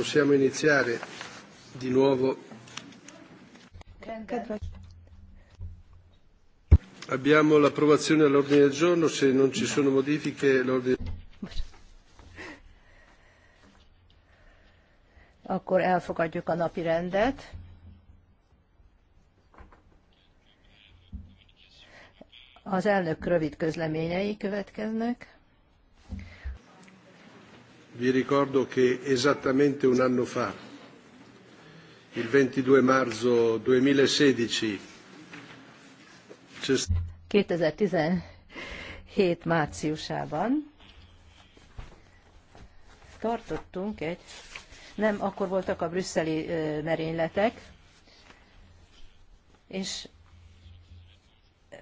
Possiamo iniziare di nuovo. Abbiamo l'approvazione all'ordine del giorno, se non ci sono modifiche l'ordine Akkor elfogadjuk a napi rendet. Az elnök rövid közleményei következnek vi ricordo che esattamente un anno fa, il 22 marzo 2016, 2017 márciusában tartottunk egy, nem, akkor voltak a brüsszeli merényletek, és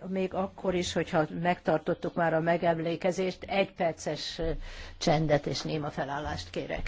még akkor is, hogyha megtartottuk már a megemlékezést, egy perces csendet és néma felállást kérek.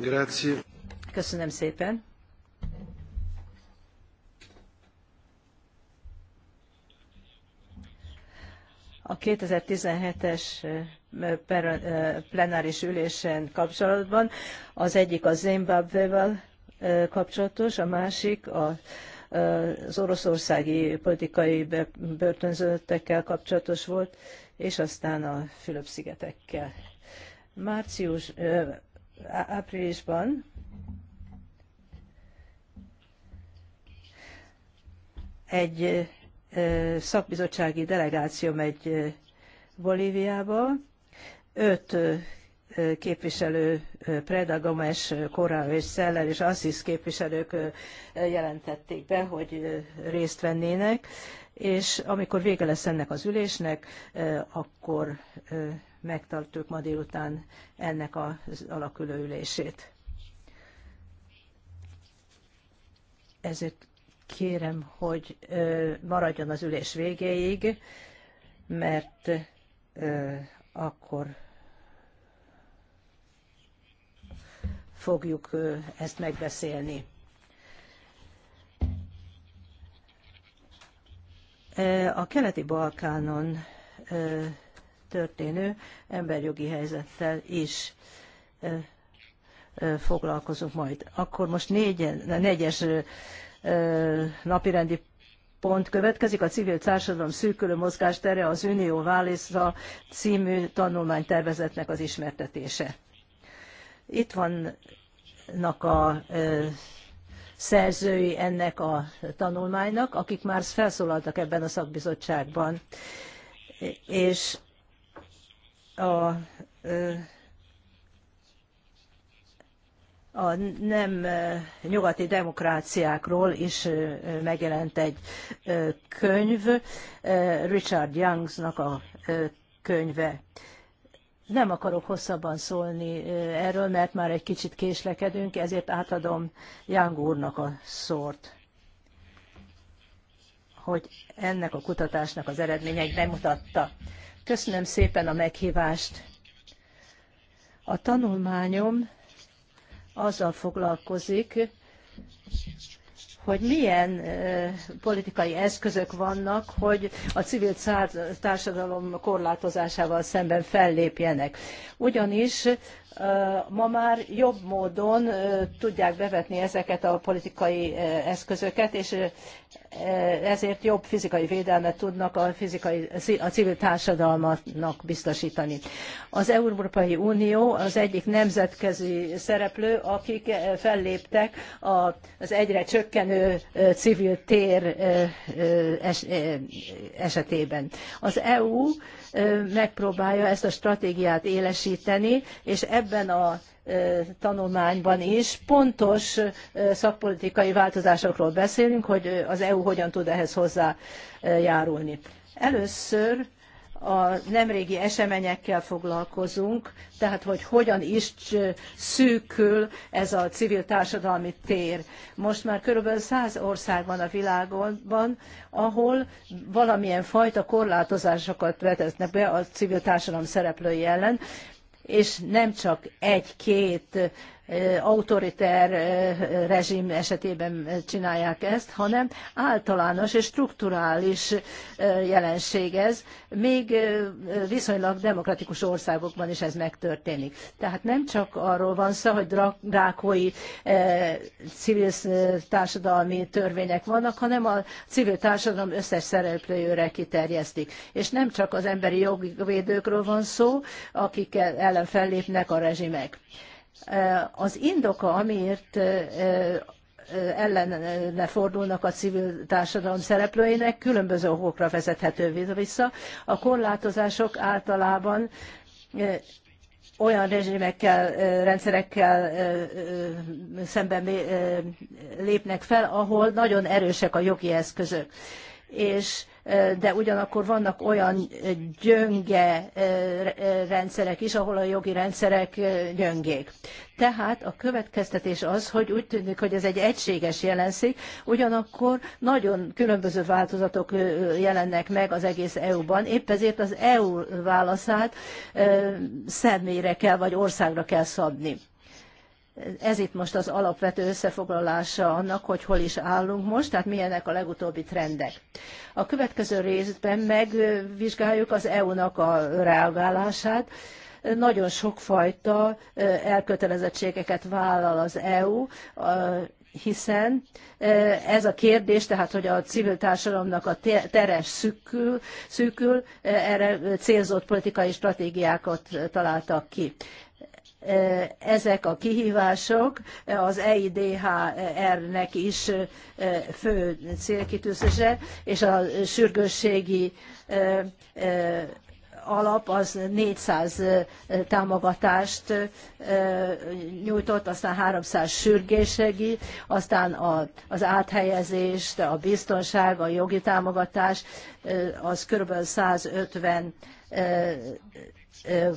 Grazie. Köszönöm szépen. A 2017-es plenáris ülésen kapcsolatban az egyik a Zimbabwe-val kapcsolatos, a másik a az oroszországi politikai börtönzöttekkel kapcsolatos volt, és aztán a Fülöp-szigetekkel. Március, áprilisban egy szakbizottsági delegáció megy Bolíviába. Öt képviselő, Preda Gomes, Korán és Szeller és Assis képviselők jelentették be, hogy részt vennének, és amikor vége lesz ennek az ülésnek, akkor megtartjuk ma délután ennek az alakuló ülését. Ezért kérem, hogy maradjon az ülés végéig, mert akkor fogjuk ezt megbeszélni. A keleti Balkánon történő emberjogi helyzettel is foglalkozunk majd. Akkor most négyen, négyes napirendi pont következik, a civil társadalom szűkülő mozgástere az Unió Válisza című tanulmánytervezetnek az ismertetése. Itt vannak a szerzői ennek a tanulmánynak, akik már felszólaltak ebben a szakbizottságban, és a a nem nyugati demokráciákról is megjelent egy könyv, Richard Youngsnak a könyve. Nem akarok hosszabban szólni erről, mert már egy kicsit késlekedünk, ezért átadom Young úrnak a szót, hogy ennek a kutatásnak az eredmények bemutatta. Köszönöm szépen a meghívást. A tanulmányom azzal foglalkozik, hogy milyen politikai eszközök vannak, hogy a civil társadalom korlátozásával szemben fellépjenek. Ugyanis ma már jobb módon tudják bevetni ezeket a politikai eszközöket, és ezért jobb fizikai védelmet tudnak a, fizikai, a civil társadalmaknak biztosítani. Az Európai Unió az egyik nemzetközi szereplő, akik felléptek az egyre csökkenő civil tér esetében. Az EU megpróbálja ezt a stratégiát élesíteni, és ebben a tanulmányban is pontos szakpolitikai változásokról beszélünk, hogy az EU hogyan tud ehhez hozzájárulni. Először a nemrégi eseményekkel foglalkozunk, tehát hogy hogyan is szűkül ez a civil társadalmi tér. Most már körülbelül száz ország van a világban, ahol valamilyen fajta korlátozásokat vetetnek be a civil társadalom szereplői ellen, és nem csak egy-két autoriter rezsim esetében csinálják ezt, hanem általános és strukturális jelenség ez, még viszonylag demokratikus országokban is ez megtörténik. Tehát nem csak arról van szó, hogy drákói civil társadalmi törvények vannak, hanem a civil társadalom összes szereplőjére kiterjesztik. És nem csak az emberi jogvédőkről van szó, akik ellen fellépnek a rezsimek. Az indoka, amiért ellene fordulnak a civil társadalom szereplőinek, különböző okokra vezethető vissza. A korlátozások általában olyan rezsimekkel, rendszerekkel szemben lépnek fel, ahol nagyon erősek a jogi eszközök és de ugyanakkor vannak olyan gyönge rendszerek is, ahol a jogi rendszerek gyöngék. Tehát a következtetés az, hogy úgy tűnik, hogy ez egy egységes jelenség, ugyanakkor nagyon különböző változatok jelennek meg az egész EU-ban. Épp ezért az EU válaszát személyre kell, vagy országra kell szabni. Ez itt most az alapvető összefoglalása annak, hogy hol is állunk most, tehát milyenek a legutóbbi trendek. A következő részben megvizsgáljuk az EU-nak a reagálását. Nagyon sokfajta elkötelezettségeket vállal az EU, hiszen ez a kérdés, tehát hogy a civil társadalomnak a teres szűkül, szűkül erre célzott politikai stratégiákat találtak ki. Eh, ezek a kihívások eh, az EIDHR-nek is eh, fő célkitűzése, és a sürgősségi alap az 400 támogatást nyújtott, aztán 300 sürgésegi, aztán a, az áthelyezést, a biztonság, a jogi támogatás, az kb. 150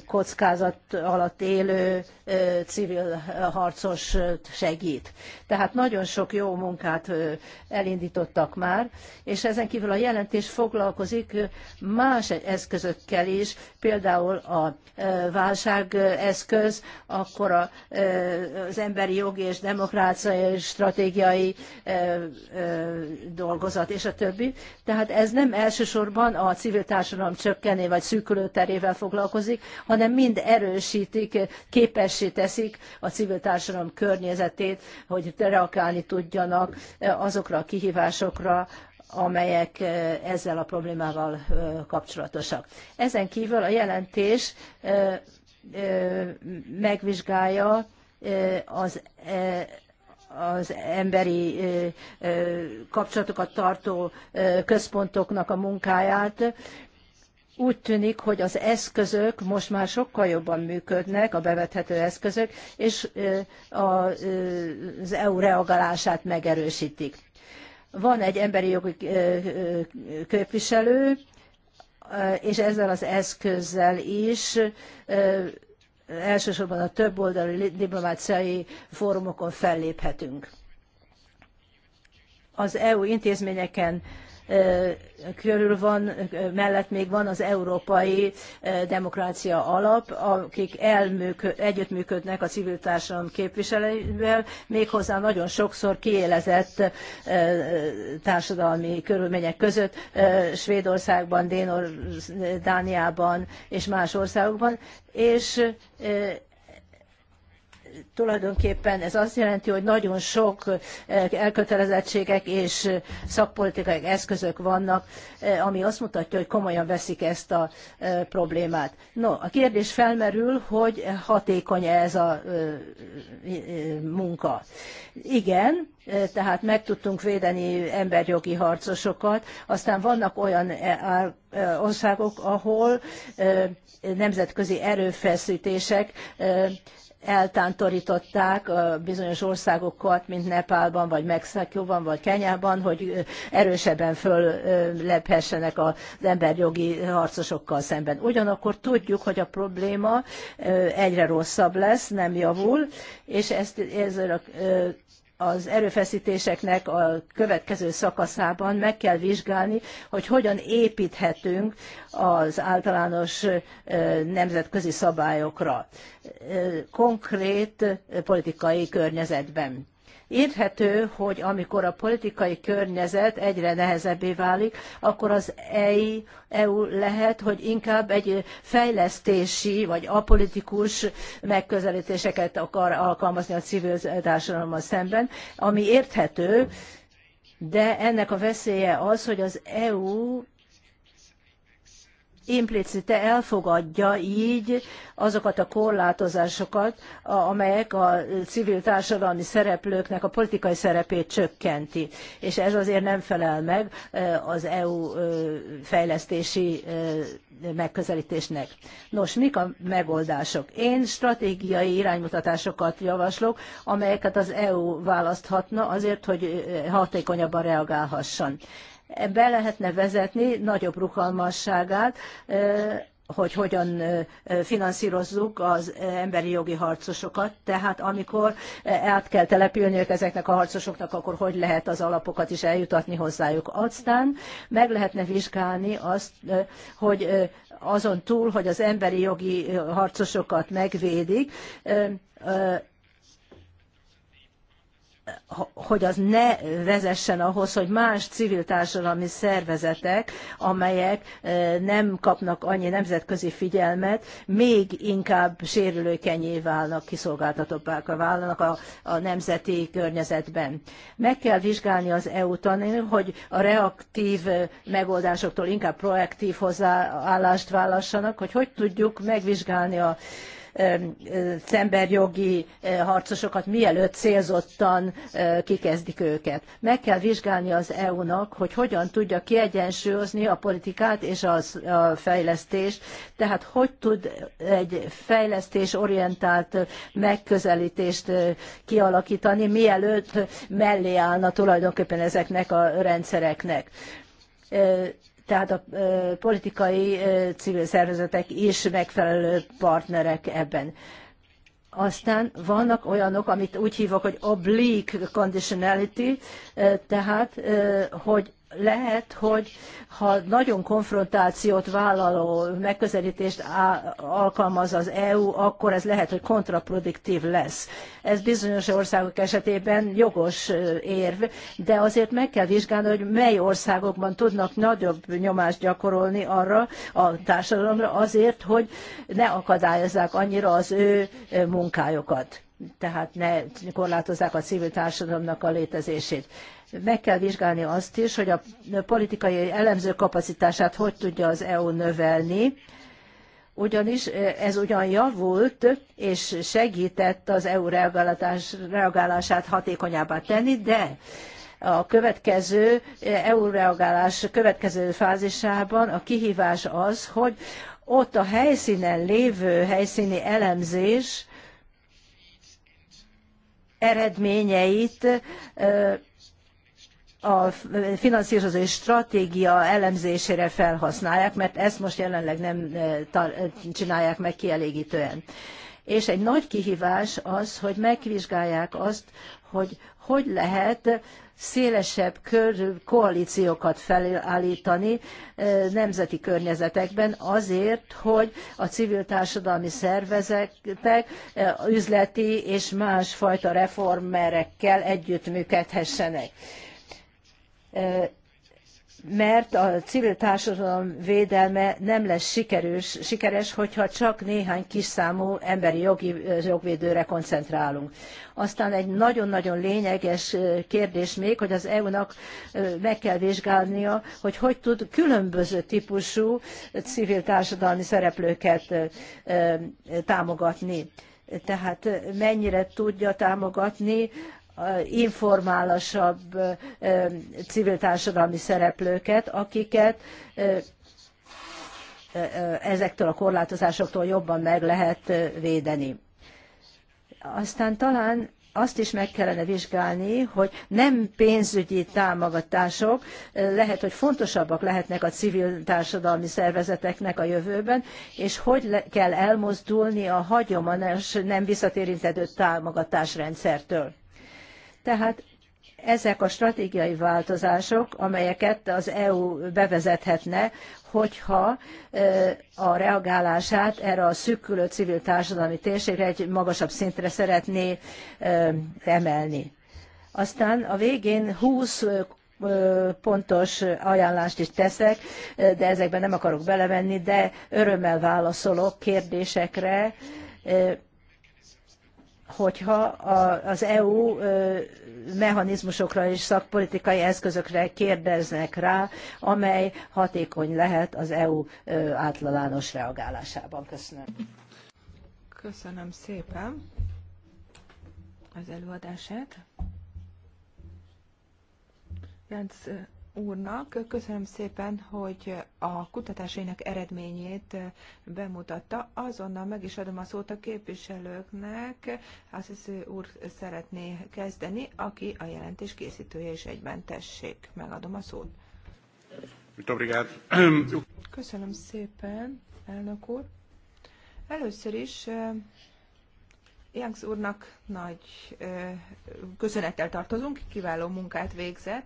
kockázat alatt élő civil harcos segít. Tehát nagyon sok jó munkát elindítottak már, és ezen kívül a jelentés foglalkozik más eszközökkel is, például a válságeszköz, akkor az emberi jogi és demokráciai stratégiai dolgozat, és a többi. Tehát ez nem elsősorban a civil társadalom csökkenő vagy szűkülő terével foglalkozik, tartozik, hanem mind erősítik, képessé teszik a civil társadalom környezetét, hogy reagálni tudjanak azokra a kihívásokra, amelyek eh, ezzel a problémával eh, kapcsolatosak. Ezen kívül a jelentés eh, megvizsgálja az az emberi kapcsolatokat tartó központoknak a munkáját, úgy tűnik, hogy az eszközök most már sokkal jobban működnek, a bevethető eszközök, és az EU reagálását megerősítik. Van egy emberi jogi képviselő, és ezzel az eszközzel is elsősorban a többoldalú diplomáciai fórumokon felléphetünk. Az EU intézményeken körül van, mellett még van az Európai Demokrácia Alap, akik elműköd, együttműködnek a civil társadalom képviselőivel, méghozzá nagyon sokszor kiélezett társadalmi körülmények között, Svédországban, Dénor, Dániában és más országokban, és tulajdonképpen ez azt jelenti, hogy nagyon sok eh, elkötelezettségek és eh, szakpolitikai eszközök vannak, eh, ami azt mutatja, hogy komolyan veszik ezt a problémát. No, a kérdés felmerül, hogy hatékony -e ez a munka. Igen, tehát meg tudtunk védeni emberjogi harcosokat, aztán vannak olyan országok, ahol nemzetközi erőfeszítések eltántorították bizonyos országokat, mint Nepálban, vagy Mexikóban, vagy Kenyában, hogy erősebben föllephessenek az emberjogi harcosokkal szemben. Ugyanakkor tudjuk, hogy a probléma egyre rosszabb lesz, nem javul, és ezt, ezért a az erőfeszítéseknek a következő szakaszában meg kell vizsgálni, hogy hogyan építhetünk az általános nemzetközi szabályokra konkrét politikai környezetben. Érthető, hogy amikor a politikai környezet egyre nehezebbé válik, akkor az EU e lehet, hogy inkább egy fejlesztési vagy apolitikus megközelítéseket akar alkalmazni a civil társadalommal szemben, ami érthető, de ennek a veszélye az, hogy az EU implicite elfogadja így azokat a korlátozásokat, amelyek a civil társadalmi szereplőknek a politikai szerepét csökkenti. És ez azért nem felel meg az EU fejlesztési megközelítésnek. Nos, mik a megoldások? Én stratégiai iránymutatásokat javaslok, amelyeket az EU választhatna azért, hogy hatékonyabban reagálhasson be lehetne vezetni nagyobb rugalmasságát, hogy hogyan finanszírozzuk az emberi jogi harcosokat. Tehát amikor át kell települniük ezeknek a harcosoknak, akkor hogy lehet az alapokat is eljutatni hozzájuk. Aztán meg lehetne vizsgálni azt, hogy azon túl, hogy az emberi jogi harcosokat megvédik, hogy az ne vezessen ahhoz, hogy más civil társadalmi szervezetek, amelyek e, nem kapnak annyi nemzetközi figyelmet, még inkább sérülőkenyé válnak, kiszolgáltatottabbá válnak a, a nemzeti környezetben. Meg kell vizsgálni az EU-tan, hogy a reaktív e, megoldásoktól inkább proaktív hozzáállást válassanak, hogy hogy tudjuk megvizsgálni a emberjogi harcosokat, mielőtt célzottan kikezdik őket. Meg kell vizsgálni az EU-nak, hogy hogyan tudja kiegyensúlyozni a politikát és a fejlesztést, tehát hogy tud egy fejlesztésorientált megközelítést kialakítani, mielőtt mellé állna tulajdonképpen ezeknek a rendszereknek tehát a politikai civil szervezetek is megfelelő partnerek ebben. Aztán vannak olyanok, amit úgy hívok, hogy oblique conditionality, tehát hogy lehet, hogy ha nagyon konfrontációt vállaló megközelítést alkalmaz az EU, akkor ez lehet, hogy kontraproduktív lesz. Ez bizonyos országok esetében jogos érv, de azért meg kell vizsgálni, hogy mely országokban tudnak nagyobb nyomást gyakorolni arra a társadalomra azért, hogy ne akadályozzák annyira az ő munkájukat tehát ne korlátozzák a civil társadalomnak a létezését. Meg kell vizsgálni azt is, hogy a politikai elemző kapacitását hogy tudja az EU növelni, ugyanis e, ez ugyan javult, és segített az EU reagálását hatékonyabbá tenni, de a következő EU e reagálás következő fázisában a kihívás az, hogy ott a helyszínen lévő helyszíni elemzés eredményeit a finanszírozói stratégia elemzésére felhasználják, mert ezt most jelenleg nem csinálják meg kielégítően. És egy nagy kihívás az, hogy megvizsgálják azt, hogy hogy lehet szélesebb kör, koalíciókat felállítani eh, nemzeti környezetekben azért, hogy a civil társadalmi szervezetek eh, üzleti és más fajta reformerekkel együttműködhessenek. Eh, mert a civil társadalom védelme nem lesz sikerős, sikeres, hogyha csak néhány kiszámú emberi jogi jogvédőre koncentrálunk. Aztán egy nagyon-nagyon lényeges kérdés még, hogy az EU-nak meg kell vizsgálnia, hogy hogy tud különböző típusú civil társadalmi szereplőket támogatni tehát mennyire tudja támogatni informálasabb civil társadalmi szereplőket, akiket ezektől a korlátozásoktól jobban meg lehet védeni. Aztán talán azt is meg kellene vizsgálni, hogy nem pénzügyi támogatások lehet, hogy fontosabbak lehetnek a civil társadalmi szervezeteknek a jövőben, és hogy kell elmozdulni a hagyományos nem visszatérintető támogatásrendszertől. Tehát ezek a stratégiai változások, amelyeket az EU bevezethetne, hogyha a reagálását erre a szűkülő civil társadalmi térségre egy magasabb szintre szeretné emelni. Aztán a végén 20 pontos ajánlást is teszek, de ezekben nem akarok belevenni, de örömmel válaszolok kérdésekre, hogyha az EU mechanizmusokra és szakpolitikai eszközökre kérdeznek rá, amely hatékony lehet az EU általános reagálásában. Köszönöm. Köszönöm szépen az előadását. Jánc úrnak. Köszönöm szépen, hogy a kutatásainak eredményét bemutatta. Azonnal meg is adom a szót a képviselőknek. Azt hisz, úr szeretné kezdeni, aki a jelentés készítője is egyben tessék. Megadom a szót. Köszönöm szépen, elnök úr. Először is Jánksz úrnak nagy köszönettel tartozunk, kiváló munkát végzett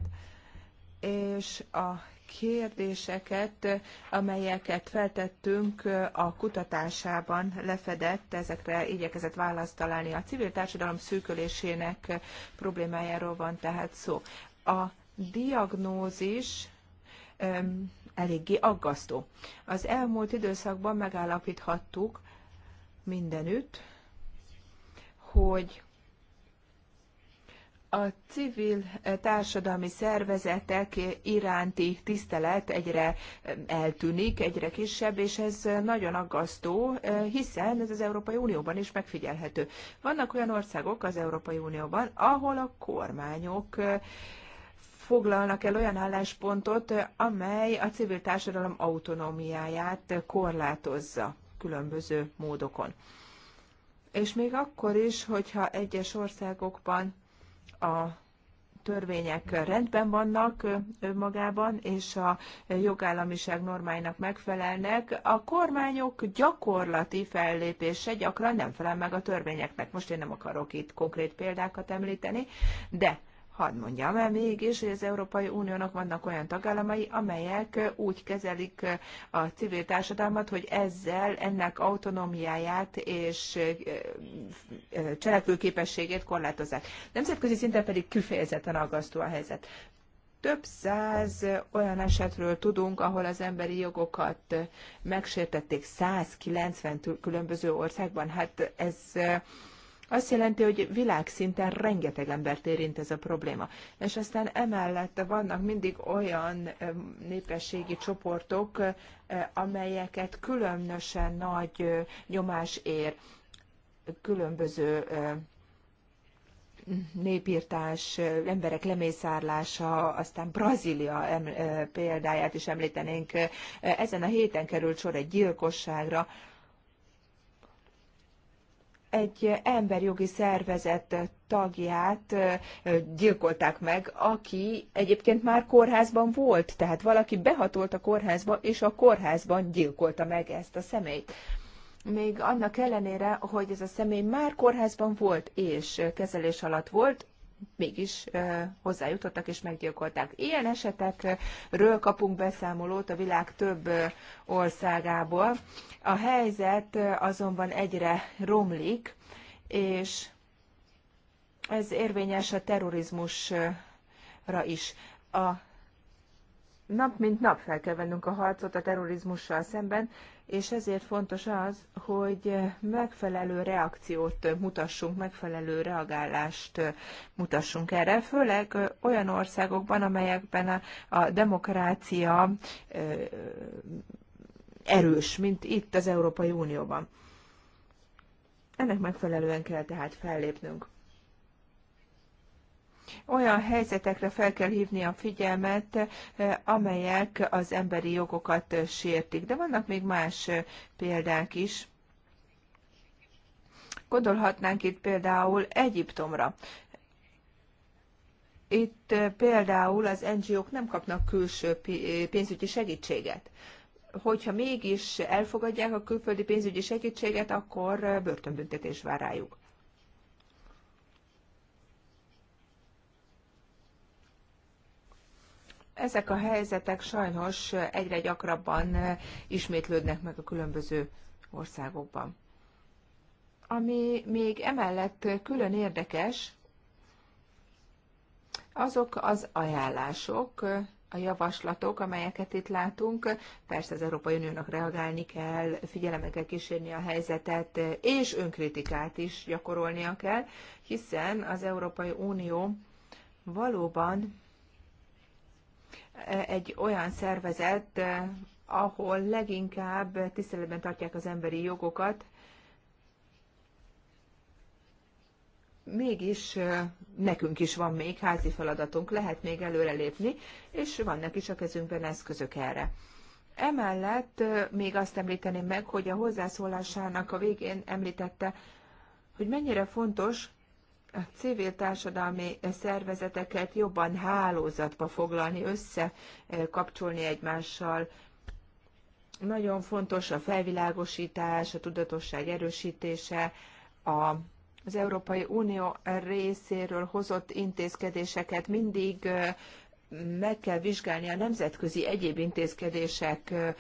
és a kérdéseket, amelyeket feltettünk a kutatásában lefedett, ezekre igyekezett választ találni. A civil társadalom szűkölésének problémájáról van tehát szó. A diagnózis um, eléggé aggasztó. Az elmúlt időszakban megállapíthattuk mindenütt, hogy a civil eh, társadalmi szervezetek iránti tisztelet egyre eh, eltűnik, egyre kisebb, és ez eh, nagyon aggasztó, hiszen ez az Európai Unióban is megfigyelhető. Vannak olyan országok az Európai Unióban, ahol a kormányok foglalnak el olyan álláspontot, amely a civil társadalom autonómiáját korlátozza különböző módokon. És még akkor is, hogyha egyes országokban a törvények rendben vannak önmagában, és a jogállamiság normáinak megfelelnek, a kormányok gyakorlati fellépése gyakran nem felel meg a törvényeknek. Most én nem akarok itt konkrét példákat említeni, de Hadd mondjam el mégis, hogy az Európai Uniónak vannak olyan tagállamai, amelyek úgy kezelik a civil társadalmat, hogy ezzel ennek autonómiáját és cselekvőképességét korlátozzák. Nemzetközi szinten pedig kifejezetten aggasztó a helyzet. Több száz olyan esetről tudunk, ahol az emberi jogokat megsértették 190 különböző országban. Hát ez azt jelenti, hogy világszinten rengeteg embert érint ez a probléma. És aztán emellett vannak mindig olyan népességi csoportok, amelyeket különösen nagy nyomás ér különböző népírtás, emberek lemészárlása, aztán Brazília példáját is említenénk. Ezen a héten került sor egy gyilkosságra, egy emberjogi szervezet tagját gyilkolták meg, aki egyébként már kórházban volt, tehát valaki behatolt a kórházba, és a kórházban gyilkolta meg ezt a személyt. Még annak ellenére, hogy ez a személy már kórházban volt és kezelés alatt volt, mégis hozzájutottak és meggyilkolták. Ilyen esetekről kapunk beszámolót a világ több országából. A helyzet azonban egyre romlik, és ez érvényes a terrorizmusra is. A nap mint nap fel kell vennünk a harcot a terrorizmussal szemben, és ezért fontos az, hogy megfelelő reakciót mutassunk, megfelelő reagálást mutassunk erre, főleg olyan országokban, amelyekben a, a demokrácia erős, mint itt az Európai Unióban. Ennek megfelelően kell tehát fellépnünk. Olyan helyzetekre fel kell hívni a figyelmet, eh, amelyek az emberi jogokat sértik. De vannak még más eh, példák is. Gondolhatnánk itt például Egyiptomra. Itt eh, például az NGO-k nem kapnak külső pénzügyi segítséget. Hogyha mégis elfogadják a külföldi pénzügyi segítséget, akkor börtönbüntetés vár rájuk. Ezek a helyzetek sajnos egyre gyakrabban ismétlődnek meg a különböző országokban. Ami még emellett külön érdekes, azok az ajánlások, a javaslatok, amelyeket itt látunk. Persze az Európai Uniónak reagálni kell, figyelembe kell kísérni a helyzetet, és önkritikát is gyakorolnia kell, hiszen az Európai Unió valóban egy olyan szervezet, ahol leginkább tiszteletben tartják az emberi jogokat, mégis nekünk is van még házi feladatunk, lehet még előrelépni, és vannak is a kezünkben eszközök erre. Emellett még azt említeném meg, hogy a hozzászólásának a végén említette, hogy mennyire fontos a civil társadalmi szervezeteket jobban hálózatba foglalni, összekapcsolni e, egymással. Nagyon fontos a felvilágosítás, a tudatosság erősítése, a az Európai Unió részéről hozott intézkedéseket mindig e, meg kell vizsgálni a nemzetközi egyéb intézkedések e,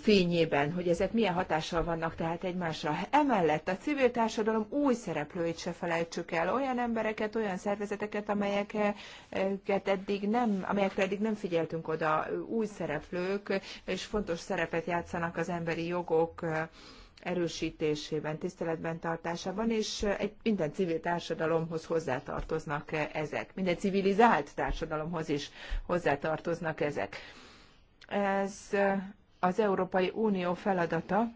fényében, hogy ezek milyen hatással vannak tehát egymásra. Emellett a civil társadalom új szereplőit se felejtsük el, olyan embereket, olyan szervezeteket, amelyeket eddig nem, amelyekre eddig nem figyeltünk oda, új szereplők, és fontos szerepet játszanak az emberi jogok erősítésében, tiszteletben tartásában, és egy, minden civil társadalomhoz hozzátartoznak ezek. Minden civilizált társadalomhoz is hozzátartoznak ezek. Ez az Európai Unió feladata,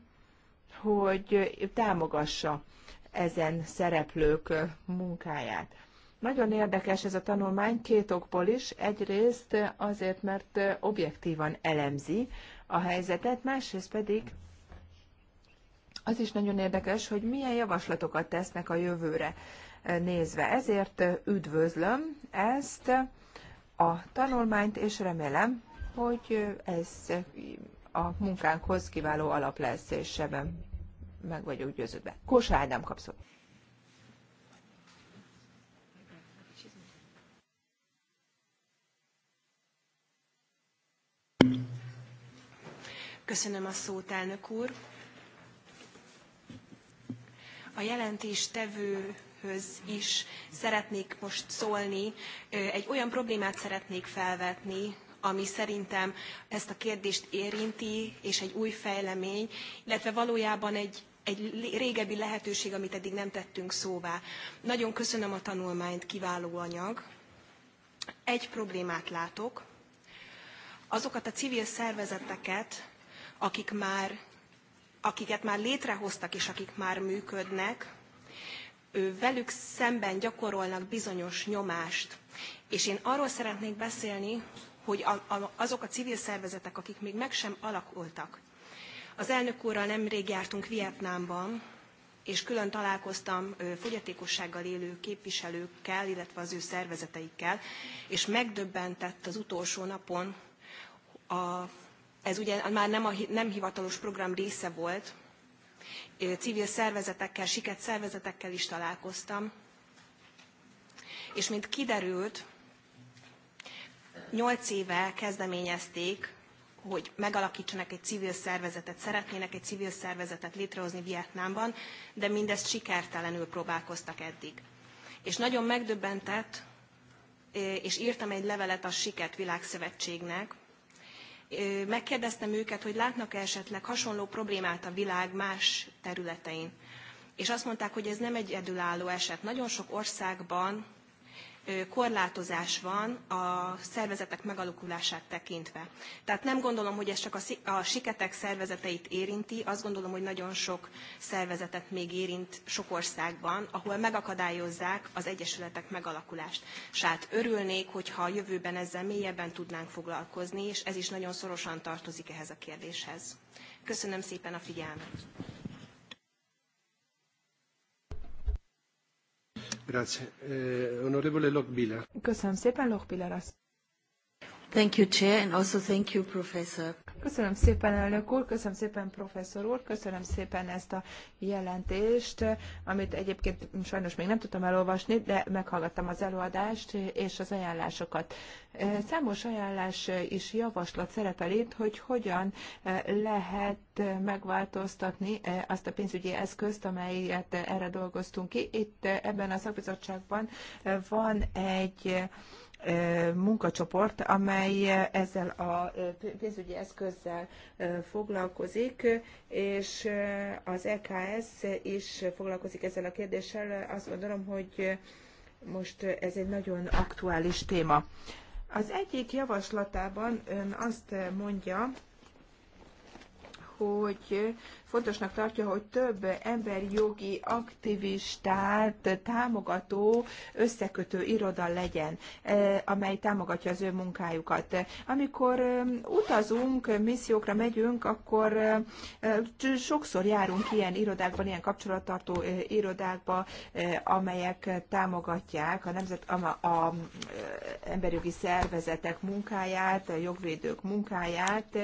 hogy támogassa ezen szereplők munkáját. Nagyon érdekes ez a tanulmány két okból is. Egyrészt azért, mert objektívan elemzi a helyzetet, másrészt pedig az is nagyon érdekes, hogy milyen javaslatokat tesznek a jövőre nézve. Ezért üdvözlöm ezt a tanulmányt, és remélem, hogy ez a munkánkhoz kiváló alap lesz, és ebben meg vagyok győződve. Kósa Ádám kapszol. Köszönöm a szót, elnök úr. A jelentéstevőhöz is szeretnék most szólni. Egy olyan problémát szeretnék felvetni, ami szerintem ezt a kérdést érinti, és egy új fejlemény, illetve valójában egy, egy régebbi lehetőség, amit eddig nem tettünk szóvá. Nagyon köszönöm a tanulmányt, kiváló anyag. Egy problémát látok. Azokat a civil szervezeteket, akik már, akiket már létrehoztak és akik már működnek, velük szemben gyakorolnak bizonyos nyomást. És én arról szeretnék beszélni, hogy azok a civil szervezetek, akik még meg sem alakultak. Az elnök úrral nemrég jártunk Vietnámban, és külön találkoztam fogyatékossággal élő képviselőkkel, illetve az ő szervezeteikkel, és megdöbbentett az utolsó napon, a, ez ugye már nem, a, nem hivatalos program része volt, civil szervezetekkel, siket szervezetekkel is találkoztam, és mint kiderült, nyolc éve kezdeményezték, hogy megalakítsanak egy civil szervezetet, szeretnének egy civil szervezetet létrehozni Vietnámban, de mindezt sikertelenül próbálkoztak eddig. És nagyon megdöbbentett, és írtam egy levelet a Siket Világszövetségnek, megkérdeztem őket, hogy látnak-e esetleg hasonló problémát a világ más területein. És azt mondták, hogy ez nem egy egyedülálló eset. Nagyon sok országban korlátozás van a szervezetek megalakulását tekintve. Tehát nem gondolom, hogy ez csak a siketek szervezeteit érinti, azt gondolom, hogy nagyon sok szervezetet még érint sok országban, ahol megakadályozzák az egyesületek megalakulást. Sát örülnék, hogyha a jövőben ezzel mélyebben tudnánk foglalkozni, és ez is nagyon szorosan tartozik ehhez a kérdéshez. Köszönöm szépen a figyelmet! Eh, Köszönöm szépen, Lockbiller asszony. Thank you, Chair, and also thank you, Professor. Köszönöm szépen, elnök úr, köszönöm szépen, professzor úr, köszönöm szépen ezt a jelentést, amit egyébként sajnos még nem tudtam elolvasni, de meghallgattam az előadást és az ajánlásokat. Eh, számos ajánlás és javaslat szerepel itt, hogy hogyan eh, lehet eh, megváltoztatni azt a pénzügyi eszközt, amelyet erre dolgoztunk ki. Itt ebben a szakbizottságban van egy munkacsoport, amely ezzel a pénzügyi eszközzel foglalkozik, és az EKS is foglalkozik ezzel a kérdéssel. Azt gondolom, hogy most ez egy nagyon aktuális téma. Az egyik javaslatában ön azt mondja, hogy fontosnak tartja, hogy több emberi jogi aktivistát támogató összekötő iroda legyen, eh, amely támogatja az ő munkájukat. Amikor utazunk, missziókra megyünk, akkor eh, eh, sokszor járunk ilyen irodákban, ilyen kapcsolattartó irodákba, amelyek támogatják a nemzet, a, a emberi jogi szervezetek munkáját, a jogvédők munkáját,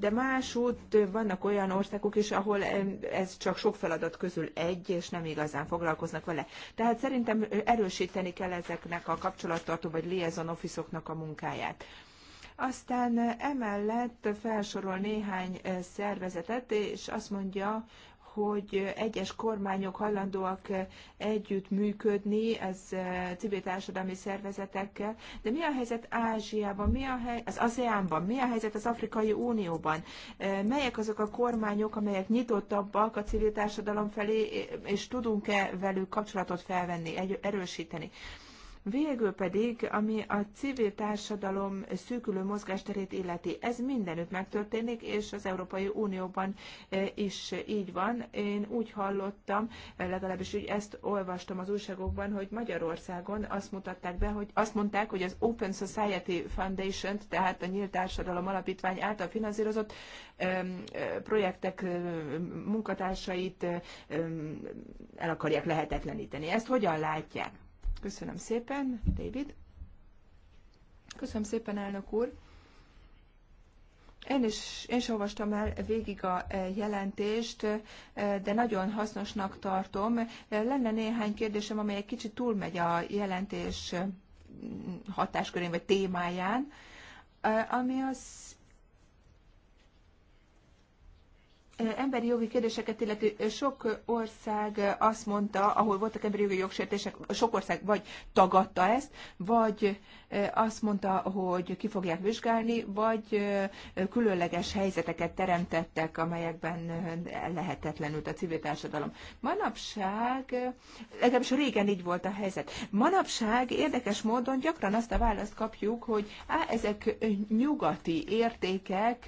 de másút van vannak olyan országok is, ahol ez csak sok feladat közül egy, és nem igazán foglalkoznak vele. Tehát szerintem erősíteni kell ezeknek a kapcsolattartó vagy liaison officeoknak a munkáját. Aztán eh, emellett felsorol néhány eh, szervezetet, és azt mondja, hogy egyes kormányok hajlandóak együttműködni ez eh, civil társadalmi szervezetekkel, de mi a helyzet Ázsiában, mi a hely, az ASEAN-ban, mi a helyzet az Afrikai Unióban? Eh, melyek azok a kormányok, amelyek nyitottabbak a civil társadalom felé, és tudunk-e velük kapcsolatot felvenni, erősíteni? Végül pedig, ami a civil társadalom szűkülő mozgásterét illeti, ez mindenütt megtörténik, és az Európai Unióban eh, is így van. Én úgy hallottam, eh, legalábbis úgy ezt olvastam az újságokban, hogy Magyarországon azt mutatták be, hogy azt mondták, hogy az Open Society Foundation, tehát a Nyílt Társadalom Alapítvány által finanszírozott eh, projektek munkatársait el akarják lehetetleníteni. Ezt hogyan látják? Köszönöm szépen, David. Köszönöm szépen, elnök úr. Én is, én is olvastam el végig a e, jelentést, e, de nagyon hasznosnak tartom. E, lenne néhány kérdésem, amely egy kicsit túlmegy a jelentés hatáskörén vagy témáján, ami az emberi jogi kérdéseket illető, sok ország azt mondta, ahol voltak emberi jogi jogsértések, sok ország vagy tagadta ezt, vagy azt mondta, hogy ki fogják vizsgálni, vagy különleges helyzeteket teremtettek, amelyekben lehetetlenült a civil társadalom. Manapság, legalábbis régen így volt a helyzet. Manapság érdekes módon gyakran azt a választ kapjuk, hogy á, ezek nyugati értékek,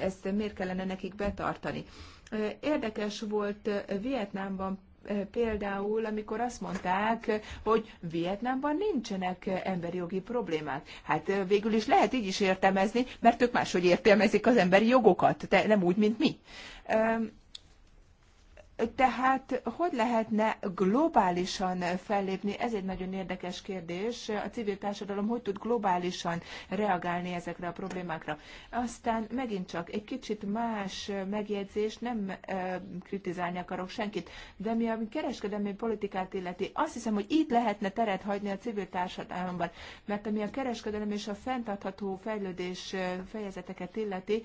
ezt miért kellene nekik betartani. Érdekes volt Vietnámban például, amikor azt mondták, hogy Vietnámban nincsenek emberi jogi problémák. Hát végül is lehet így is értelmezni, mert ők máshogy értelmezik az emberi jogokat, de nem úgy, mint mi. Tehát hogy lehetne globálisan fellépni? Ez egy nagyon érdekes kérdés. A civil társadalom hogy tud globálisan reagálni ezekre a problémákra? Aztán megint csak egy kicsit más megjegyzés, nem kritizálni akarok senkit, de mi a kereskedelmi politikát illeti, azt hiszem, hogy itt lehetne teret hagyni a civil társadalomban, mert ami a kereskedelem és a fenntartható fejlődés fejezeteket illeti,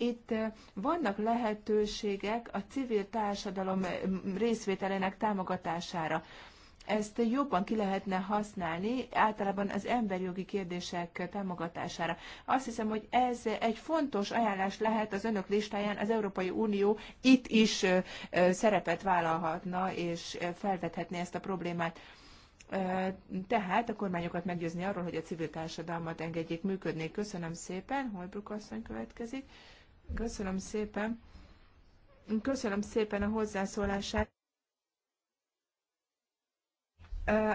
itt vannak lehetőségek a civil társadalom részvételének támogatására. Ezt jobban ki lehetne használni, általában az emberjogi kérdések támogatására. Azt hiszem, hogy ez egy fontos ajánlás lehet az önök listáján, az Európai Unió itt is szerepet vállalhatna, és felvethetné ezt a problémát. Tehát a kormányokat meggyőzni arról, hogy a civil társadalmat engedjék működni. Köszönöm szépen, Holbruk asszony következik. Köszönöm szépen. Köszönöm szépen a hozzászólását.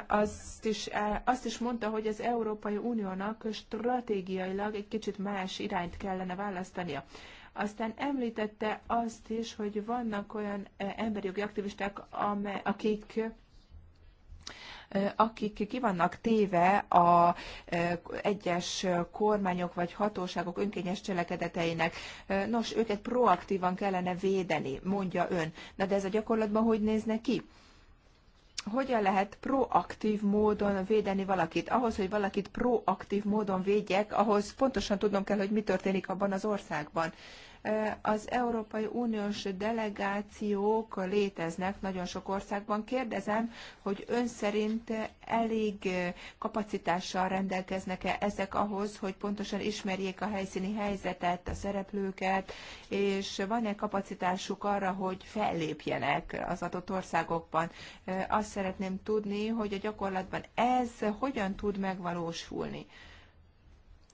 Azt is, azt is mondta, hogy az Európai Uniónak stratégiailag egy kicsit más irányt kellene választania. Aztán említette azt is, hogy vannak olyan emberi jogi aktivisták, akik akik ki vannak téve a egyes kormányok vagy hatóságok önkényes cselekedeteinek. Nos, őket proaktívan kellene védeni, mondja ön. Na de ez a gyakorlatban hogy nézne ki? hogyan lehet proaktív módon védeni valakit? Ahhoz, hogy valakit proaktív módon védjek, ahhoz pontosan tudnom kell, hogy mi történik abban az országban az Európai Uniós delegációk léteznek nagyon sok országban. Kérdezem, hogy ön szerint elég kapacitással rendelkeznek-e ezek ahhoz, hogy pontosan ismerjék a helyszíni helyzetet, a szereplőket, és van-e kapacitásuk arra, hogy fellépjenek az adott országokban? Azt szeretném tudni, hogy a gyakorlatban ez hogyan tud megvalósulni.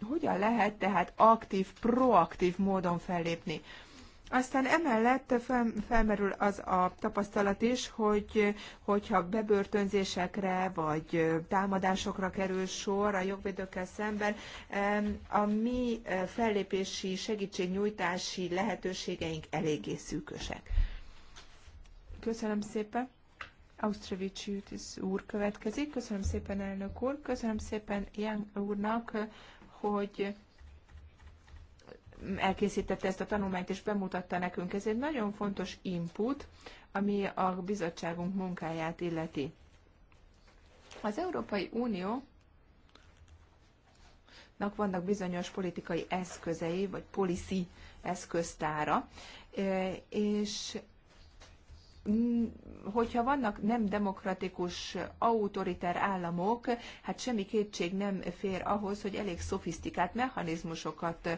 Hogyan lehet tehát aktív, proaktív módon fellépni? Aztán emellett fel, felmerül az a tapasztalat is, hogy hogyha bebörtönzésekre vagy támadásokra kerül sor a jogvédőkkel szemben, a mi fellépési, segítségnyújtási lehetőségeink eléggé szűkösek. Köszönöm szépen. Ausztrevics úr következik. Köszönöm szépen, elnök úr. Köszönöm szépen Ján úrnak hogy elkészítette ezt a tanulmányt és bemutatta nekünk. Ez egy nagyon fontos input, ami a bizottságunk munkáját illeti. Az Európai Unió vannak bizonyos politikai eszközei, vagy policy eszköztára, és Mm, hogyha vannak nem demokratikus, autoriter államok, hát semmi kétség nem fér ahhoz, hogy elég szofisztikált mechanizmusokat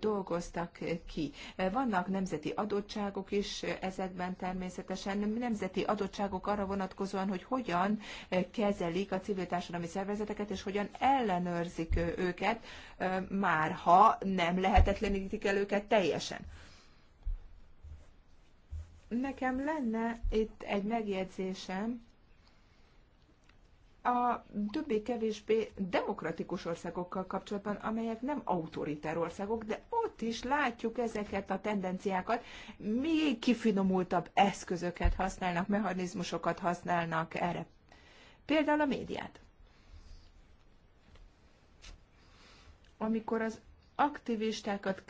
dolgoztak ki. Vannak nemzeti adottságok is ezekben természetesen, nemzeti adottságok arra vonatkozóan, hogy hogyan kezelik a civil társadalmi szervezeteket, és hogyan ellenőrzik őket, már ha nem lehetetlenítik el őket teljesen. Nekem lenne itt egy megjegyzésem, a többé-kevésbé demokratikus országokkal kapcsolatban, amelyek nem autoriter országok, de ott is látjuk ezeket a tendenciákat, még kifinomultabb eszközöket használnak, mechanizmusokat használnak erre. Például a médiát. Amikor az aktivistákat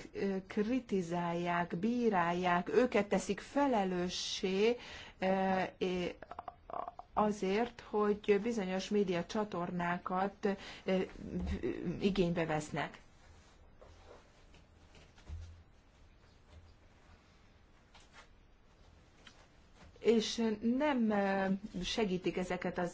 kritizálják, bírálják, őket teszik felelőssé azért, hogy bizonyos média csatornákat igénybe vesznek. és nem segítik ezeket az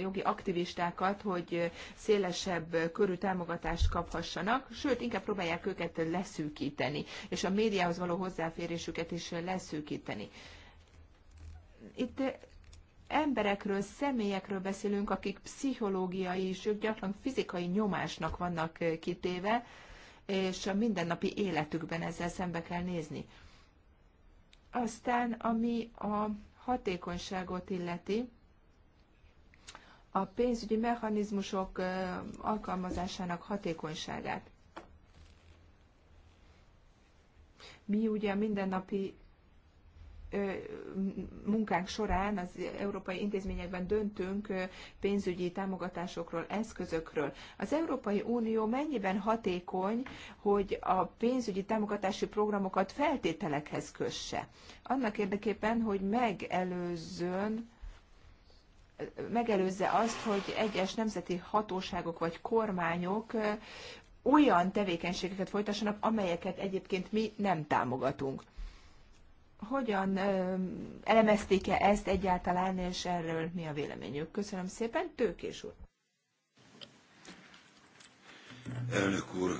jogi aktivistákat, hogy szélesebb körű támogatást kaphassanak, sőt, inkább próbálják őket leszűkíteni, és a médiához való hozzáférésüket is leszűkíteni. Itt emberekről, személyekről beszélünk, akik pszichológiai, és gyakran fizikai nyomásnak vannak kitéve, és a mindennapi életükben ezzel szembe kell nézni. Aztán, ami a hatékonyságot illeti, a pénzügyi mechanizmusok alkalmazásának hatékonyságát. Mi ugye a mindennapi munkánk során az európai intézményekben döntünk pénzügyi támogatásokról, eszközökről. Az Európai Unió mennyiben hatékony, hogy a pénzügyi támogatási programokat feltételekhez kösse? Annak érdekében, hogy megelőzzön megelőzze azt, hogy egyes nemzeti hatóságok vagy kormányok olyan tevékenységeket folytassanak, amelyeket egyébként mi nem támogatunk hogyan elemezték-e ezt egyáltalán, és erről mi a véleményük? Köszönöm szépen, Tőkés úr. Elnök úr,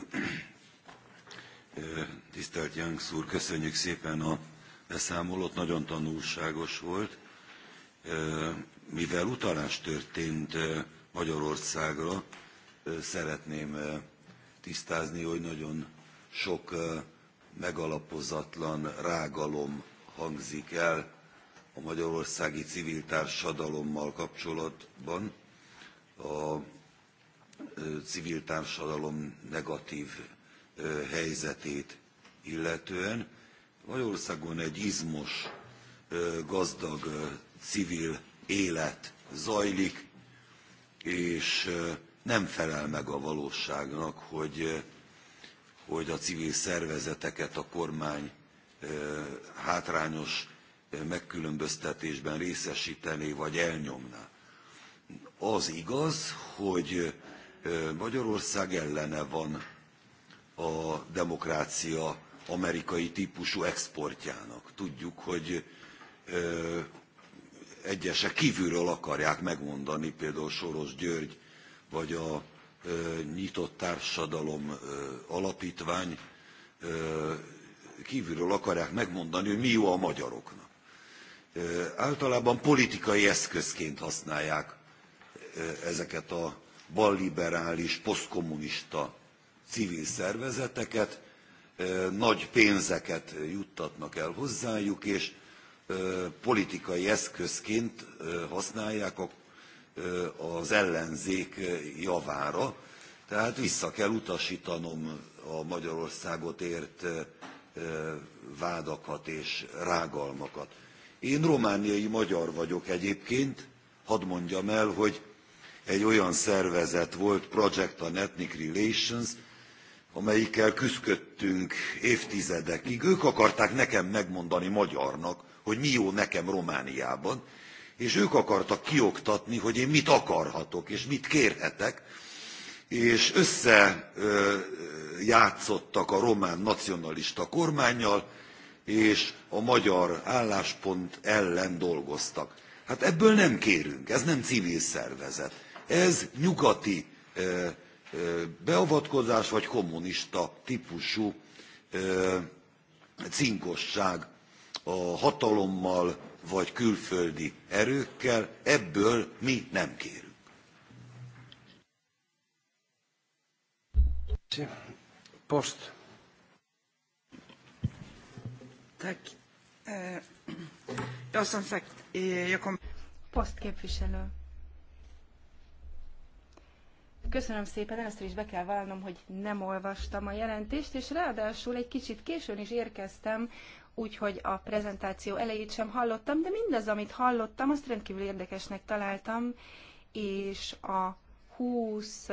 tisztelt Jánksz úr, köszönjük szépen a beszámolót, nagyon tanulságos volt. Mivel utalás történt Magyarországra, szeretném tisztázni, hogy nagyon sok megalapozatlan rágalom hangzik el a magyarországi civil társadalommal kapcsolatban. A civil társadalom negatív helyzetét illetően. Magyarországon egy izmos, gazdag civil élet zajlik, és nem felel meg a valóságnak, hogy, hogy a civil szervezeteket a kormány hátrányos megkülönböztetésben részesítené vagy elnyomná. Az igaz, hogy Magyarország ellene van a demokrácia amerikai típusú exportjának. Tudjuk, hogy egyesek kívülről akarják megmondani, például Soros György vagy a nyitott társadalom alapítvány kívülről akarják megmondani, hogy mi jó a magyaroknak. Általában politikai eszközként használják ezeket a balliberális, posztkommunista civil szervezeteket, nagy pénzeket juttatnak el hozzájuk, és politikai eszközként használják az ellenzék javára. Tehát vissza kell utasítanom a Magyarországot ért vádakat és rágalmakat. Én romániai magyar vagyok egyébként, hadd mondjam el, hogy egy olyan szervezet volt, Project on Ethnic Relations, amelyikkel küzdködtünk évtizedekig. Ők akarták nekem megmondani magyarnak, hogy mi jó nekem Romániában, és ők akartak kioktatni, hogy én mit akarhatok és mit kérhetek, és összejátszottak a román nacionalista kormánnyal és a magyar álláspont ellen dolgoztak. Hát ebből nem kérünk, ez nem civil szervezet. Ez nyugati beavatkozás vagy kommunista típusú cinkosság a hatalommal vagy külföldi erőkkel, ebből mi nem kérünk. Post. Tack. Ja, som sagt, post képviselő. Köszönöm szépen, először is be kell vallanom, hogy nem olvastam a jelentést, és ráadásul egy kicsit későn is érkeztem, úgyhogy a prezentáció elejét sem hallottam, de mindaz, amit hallottam, azt rendkívül érdekesnek találtam, és a 20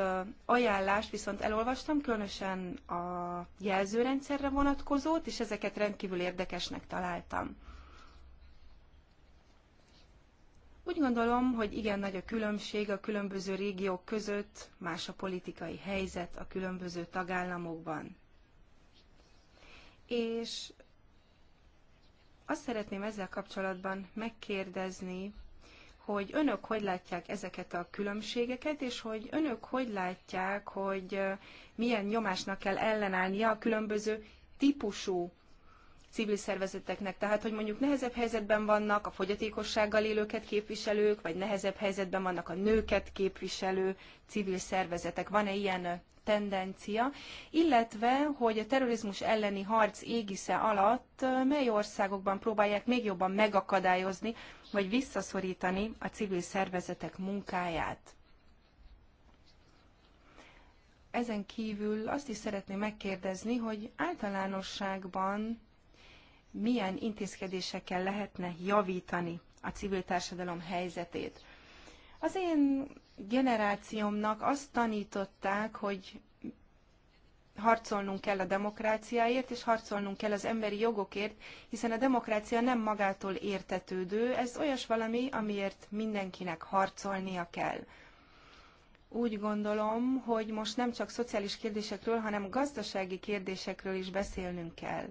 ajánlást viszont elolvastam, különösen a jelzőrendszerre vonatkozót, és ezeket rendkívül érdekesnek találtam. Úgy gondolom, hogy igen nagy a különbség a különböző régiók között, más a politikai helyzet a különböző tagállamokban. És azt szeretném ezzel kapcsolatban megkérdezni, hogy önök hogy látják ezeket a különbségeket, és hogy önök hogy látják, hogy milyen nyomásnak kell ellenállnia a különböző típusú civil szervezeteknek. Tehát, hogy mondjuk nehezebb helyzetben vannak a fogyatékossággal élőket képviselők, vagy nehezebb helyzetben vannak a nőket képviselő civil szervezetek. Van-e ilyen tendencia, illetve, hogy a terrorizmus elleni harc égisze alatt mely országokban próbálják még jobban megakadályozni, vagy visszaszorítani a civil szervezetek munkáját. Ezen kívül azt is szeretném megkérdezni, hogy általánosságban milyen intézkedésekkel lehetne javítani a civil társadalom helyzetét. Az én generációmnak azt tanították, hogy harcolnunk kell a demokráciáért, és harcolnunk kell az emberi jogokért, hiszen a demokrácia nem magától értetődő, ez olyas valami, amiért mindenkinek harcolnia kell. Úgy gondolom, hogy most nem csak szociális kérdésekről, hanem gazdasági kérdésekről is beszélnünk kell.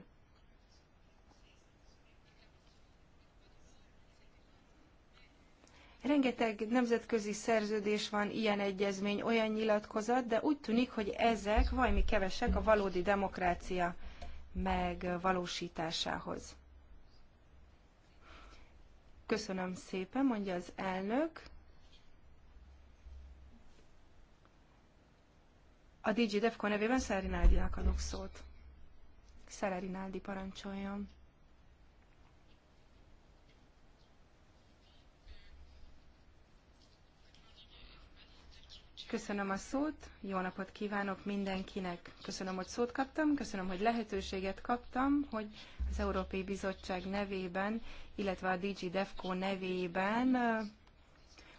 Rengeteg nemzetközi szerződés van, ilyen egyezmény, olyan nyilatkozat, de úgy tűnik, hogy ezek valami kevesek a valódi demokrácia megvalósításához. Köszönöm szépen, mondja az elnök. A DG Defco nevében Szerrináldinak adok szót. Szerrináldi parancsoljon. Köszönöm a szót, jó napot kívánok mindenkinek. Köszönöm, hogy szót kaptam, köszönöm, hogy lehetőséget kaptam, hogy az Európai Bizottság nevében, illetve a DG DEFCO nevében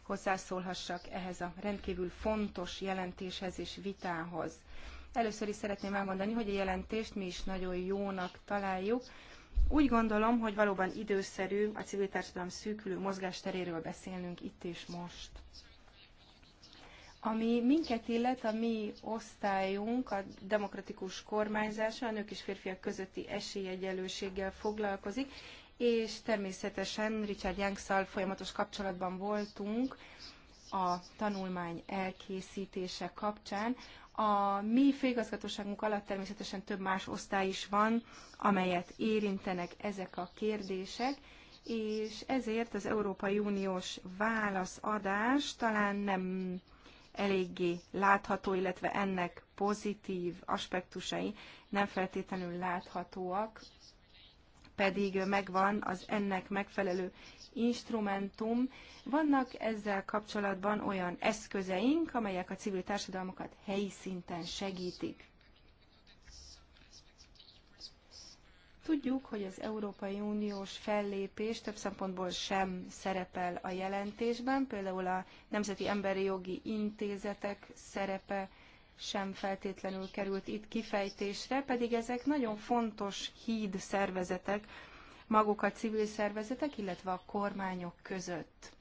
hozzászólhassak ehhez a rendkívül fontos jelentéshez és vitához. Először is szeretném elmondani, hogy a jelentést mi is nagyon jónak találjuk. Úgy gondolom, hogy valóban időszerű a civil társadalom szűkülő mozgásteréről beszélnünk itt és most. Ami minket illet, a mi osztályunk a demokratikus kormányzása, a nők és férfiak közötti esélyegyelőséggel foglalkozik, és természetesen Richard Youngszal folyamatos kapcsolatban voltunk a tanulmány elkészítése kapcsán. A mi főigazgatóságunk alatt természetesen több más osztály is van, amelyet érintenek ezek a kérdések, és ezért az Európai Uniós válaszadás talán nem eléggé látható, illetve ennek pozitív aspektusai nem feltétlenül láthatóak, pedig megvan az ennek megfelelő instrumentum. Vannak ezzel kapcsolatban olyan eszközeink, amelyek a civil társadalmakat helyi szinten segítik. Tudjuk, hogy az Európai Uniós fellépés több szempontból sem szerepel a jelentésben, például a Nemzeti Emberi Jogi Intézetek szerepe sem feltétlenül került itt kifejtésre, pedig ezek nagyon fontos híd szervezetek, maguk a civil szervezetek, illetve a kormányok között.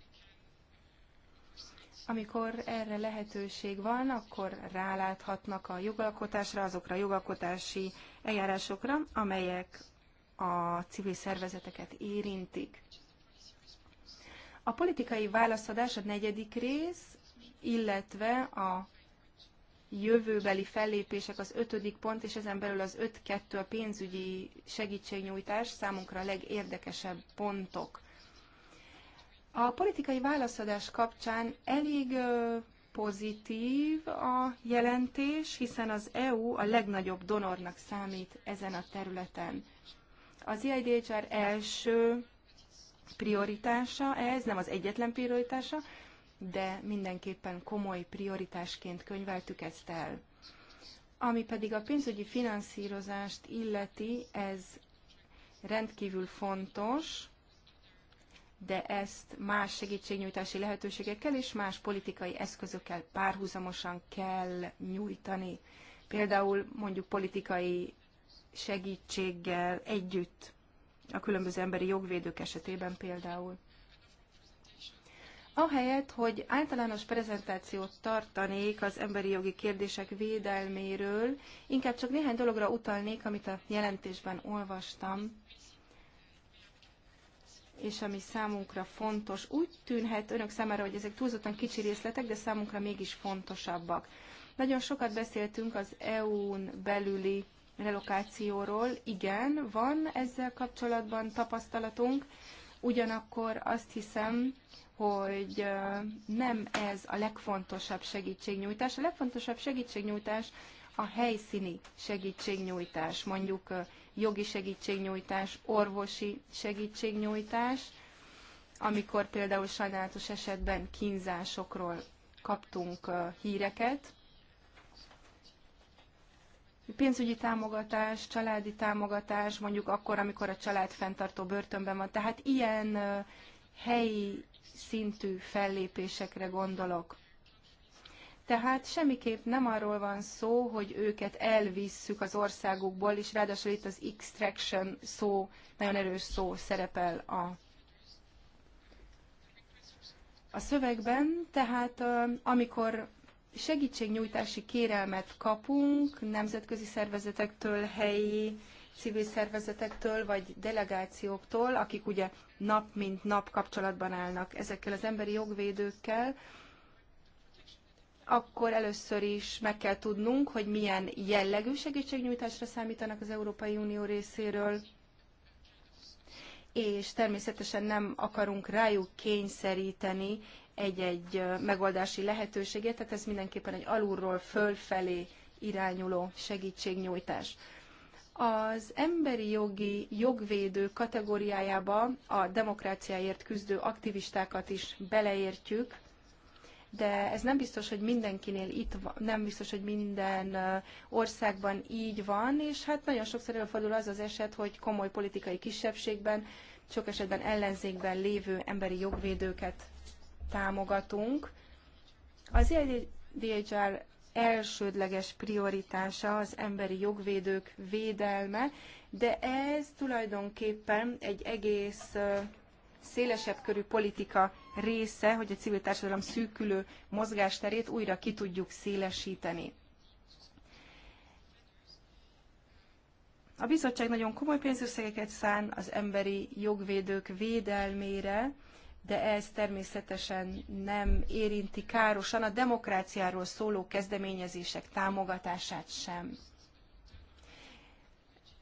Amikor erre lehetőség van, akkor ráláthatnak a jogalkotásra, azokra a jogalkotási eljárásokra, amelyek a civil szervezeteket érintik. A politikai válaszadás a negyedik rész, illetve a jövőbeli fellépések az ötödik pont, és ezen belül az 5-2 a pénzügyi segítségnyújtás számunkra a legérdekesebb pontok. A politikai válaszadás kapcsán elég pozitív a jelentés, hiszen az EU a legnagyobb donornak számít ezen a területen. Az EIDHR első prioritása, ez nem az egyetlen prioritása, de mindenképpen komoly prioritásként könyveltük ezt el. Ami pedig a pénzügyi finanszírozást illeti, ez rendkívül fontos, de ezt más segítségnyújtási lehetőségekkel és más politikai eszközökkel párhuzamosan kell nyújtani. Például mondjuk politikai segítséggel együtt a különböző emberi jogvédők esetében például. Ahelyett, hogy általános prezentációt tartanék az emberi jogi kérdések védelméről, inkább csak néhány dologra utalnék, amit a jelentésben olvastam, és ami számunkra fontos. Úgy tűnhet önök számára, hogy ezek túlzottan kicsi részletek, de számunkra mégis fontosabbak. Nagyon sokat beszéltünk az EU-n belüli relokációról. Igen, van ezzel kapcsolatban tapasztalatunk, ugyanakkor azt hiszem, hogy nem ez a legfontosabb segítségnyújtás. A legfontosabb segítségnyújtás a helyszíni segítségnyújtás, mondjuk jogi segítségnyújtás, orvosi segítségnyújtás, amikor például sajnálatos esetben kínzásokról kaptunk híreket, pénzügyi támogatás, családi támogatás, mondjuk akkor, amikor a család fenntartó börtönben van. Tehát ilyen helyi szintű fellépésekre gondolok. Tehát semmiképp nem arról van szó, hogy őket elvisszük az országukból, és ráadásul itt az extraction szó, nagyon erős szó szerepel a, a szövegben. Tehát amikor segítségnyújtási kérelmet kapunk nemzetközi szervezetektől, helyi civil szervezetektől vagy delegációktól, akik ugye nap mint nap kapcsolatban állnak ezekkel az emberi jogvédőkkel, akkor először is meg kell tudnunk, hogy milyen jellegű segítségnyújtásra számítanak az Európai Unió részéről, és természetesen nem akarunk rájuk kényszeríteni egy-egy megoldási lehetőségét, tehát ez mindenképpen egy alulról fölfelé irányuló segítségnyújtás. Az emberi jogi jogvédő kategóriájába a demokráciáért küzdő aktivistákat is beleértjük, de ez nem biztos, hogy mindenkinél itt van, nem biztos, hogy minden országban így van, és hát nagyon sokszor előfordul az az eset, hogy komoly politikai kisebbségben, sok esetben ellenzékben lévő emberi jogvédőket támogatunk. Az IDHR elsődleges prioritása az emberi jogvédők védelme, de ez tulajdonképpen egy egész szélesebb körű politika része, hogy a civil társadalom szűkülő mozgásterét újra ki tudjuk szélesíteni. A bizottság nagyon komoly pénzösszegeket szán az emberi jogvédők védelmére, de ez természetesen nem érinti károsan a demokráciáról szóló kezdeményezések támogatását sem.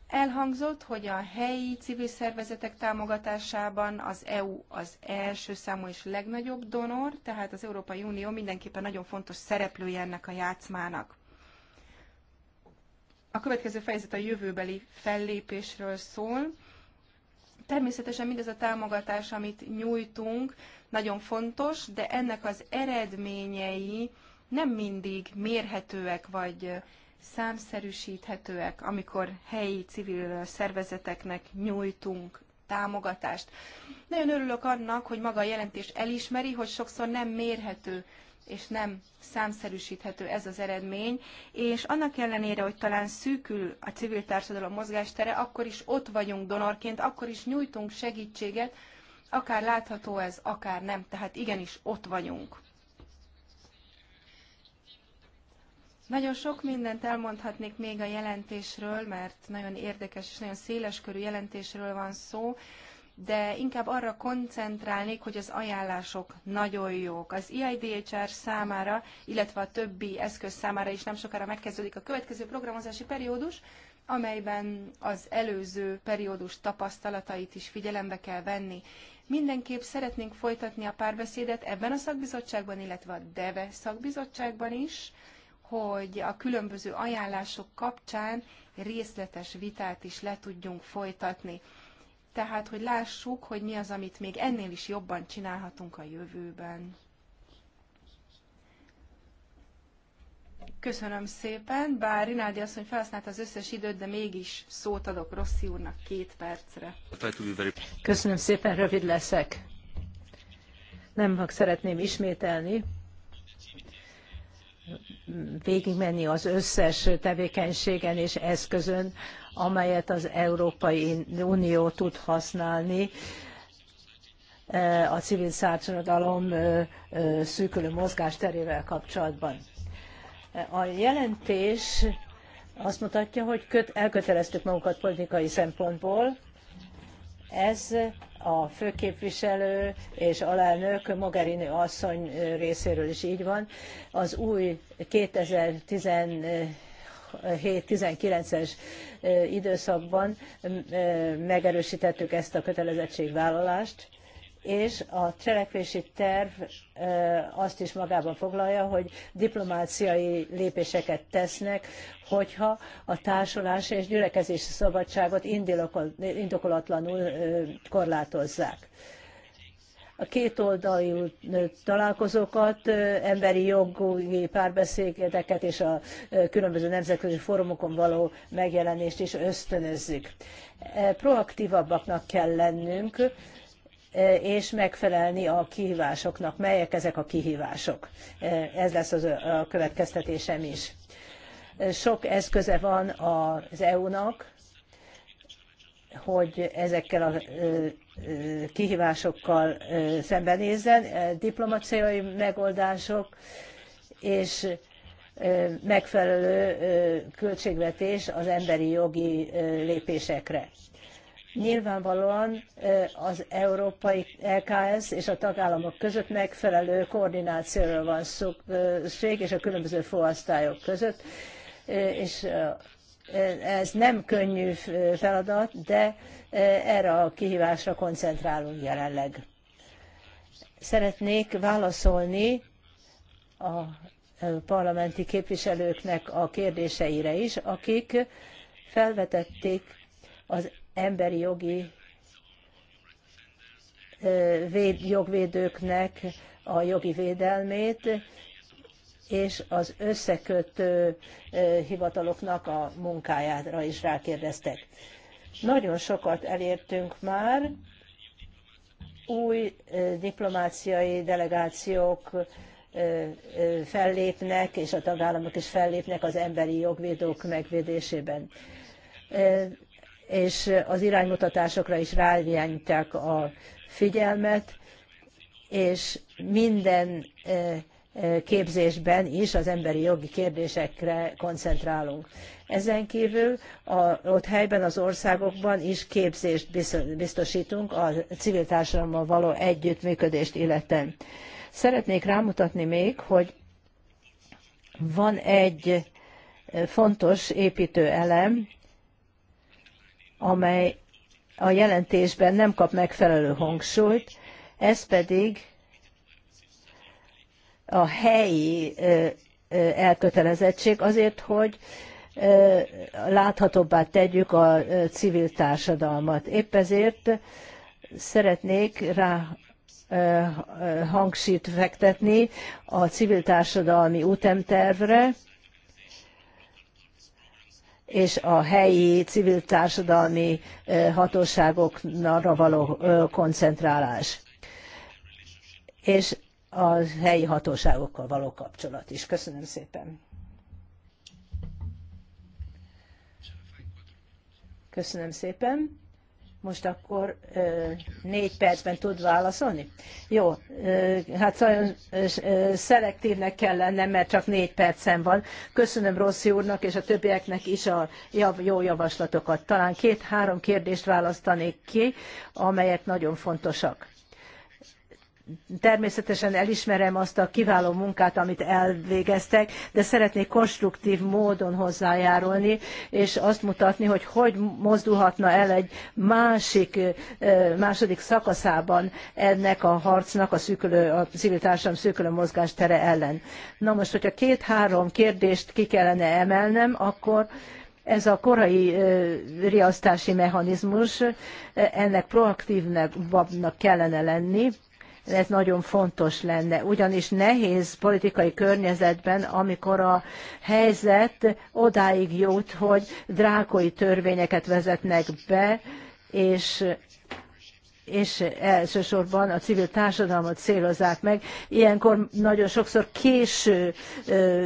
Elhangzott, hogy a helyi civil szervezetek támogatásában az EU az első számú és legnagyobb donor, tehát az Európai Unió mindenképpen nagyon fontos szereplője ennek a játszmának. A következő fejezet a jövőbeli fellépésről szól. Természetesen mindez a támogatás, amit nyújtunk, nagyon fontos, de ennek az eredményei nem mindig mérhetőek vagy számszerűsíthetőek, amikor helyi civil szervezeteknek nyújtunk támogatást. Nagyon örülök annak, hogy maga a jelentés elismeri, hogy sokszor nem mérhető és nem számszerűsíthető ez az eredmény, és annak ellenére, hogy talán szűkül a civil társadalom mozgástere, akkor is ott vagyunk donorként, akkor is nyújtunk segítséget, akár látható ez, akár nem, tehát igenis ott vagyunk. Nagyon sok mindent elmondhatnék még a jelentésről, mert nagyon érdekes és nagyon széleskörű jelentésről van szó, de inkább arra koncentrálnék, hogy az ajánlások nagyon jók. Az EIDHR számára, illetve a többi eszköz számára is nem sokára megkezdődik a következő programozási periódus, amelyben az előző periódus tapasztalatait is figyelembe kell venni. Mindenképp szeretnénk folytatni a párbeszédet ebben a szakbizottságban, illetve a DEVE szakbizottságban is, hogy a különböző ajánlások kapcsán részletes vitát is le tudjunk folytatni tehát hogy lássuk, hogy mi az, amit még ennél is jobban csinálhatunk a jövőben. Köszönöm szépen, bár Rinaldi mondja, felhasználta az összes időt, de mégis szót adok Rossi úrnak két percre. Köszönöm szépen, rövid leszek. Nem szeretném ismételni, végigmenni az összes tevékenységen és eszközön, amelyet az Európai Unió tud használni e, a civil társadalom e, e, szűkülő mozgásterével kapcsolatban. A jelentés azt mutatja, hogy elköteleztük magunkat politikai szempontból, ez a főképviselő és alelnök Mogherini asszony részéről is így van. Az új 2017 19 es időszakban mm, eh, megerősítettük ezt a kötelezettségvállalást, és a cselekvési terv azt is magában foglalja, hogy diplomáciai lépéseket tesznek, hogyha a társulás és gyülekezési szabadságot indokolatlanul korlátozzák. A kétoldalú találkozókat, emberi jogi párbeszédeket és a különböző nemzetközi fórumokon való megjelenést is ösztönözzük. Proaktívabbaknak kell lennünk, Eh, és megfelelni a kihívásoknak. Melyek ezek a kihívások? Eh, ez lesz az a következtetésem is. Eh, sok eszköze van az EU-nak, hogy ezekkel a kihívásokkal szembenézzen, diplomáciai megoldások és megfelelő költségvetés az emberi jogi lépésekre. Nyilvánvalóan az európai LKS és a tagállamok között megfelelő koordinációról van szükség, és a különböző fóasztályok között, és ez nem könnyű feladat, de erre a kihívásra koncentrálunk jelenleg. Szeretnék válaszolni a parlamenti képviselőknek a kérdéseire is, akik felvetették az emberi jogi véd, jogvédőknek a jogi védelmét, és az összekötő hivataloknak a munkájára is rákérdeztek. Nagyon sokat elértünk már, új diplomáciai delegációk fellépnek, és a tagállamok is fellépnek az emberi jogvédők megvédésében és az iránymutatásokra is ráirányítják a figyelmet, és minden e, e, képzésben is az emberi jogi kérdésekre koncentrálunk. Ezen kívül a, ott helyben az országokban is képzést biztosítunk a civil társadalommal való együttműködést illetően. Szeretnék rámutatni még, hogy van egy e, fontos építő elem, amely a jelentésben nem kap megfelelő hangsúlyt, ez pedig a helyi elkötelezettség azért, hogy láthatóbbá tegyük a civil társadalmat. Épp ezért szeretnék rá hangsúlyt fektetni a civil társadalmi útemtervre, és a helyi civil társadalmi hatóságokra való koncentrálás, és a helyi hatóságokkal való kapcsolat is. Köszönöm szépen. Köszönöm szépen most akkor négy percben tud válaszolni? Jó, hát szelektívnek kell lennem, mert csak négy percem van. Köszönöm Rossi úrnak és a többieknek is a jó javaslatokat. Talán két-három kérdést választanék ki, amelyek nagyon fontosak természetesen elismerem azt a kiváló munkát, amit elvégeztek, de szeretnék konstruktív módon hozzájárulni, és azt mutatni, hogy hogy mozdulhatna el egy másik, második szakaszában ennek a harcnak a, szűkülő a civil társadalom szűkülő mozgástere ellen. Na most, hogyha két-három kérdést ki kellene emelnem, akkor ez a korai riasztási mechanizmus, ennek proaktívnak kellene lenni, ez nagyon fontos lenne. Ugyanis nehéz politikai környezetben, amikor a helyzet odáig jut, hogy drákoi törvényeket vezetnek be, és és elsősorban a civil társadalmat célozzák meg, ilyenkor nagyon sokszor késő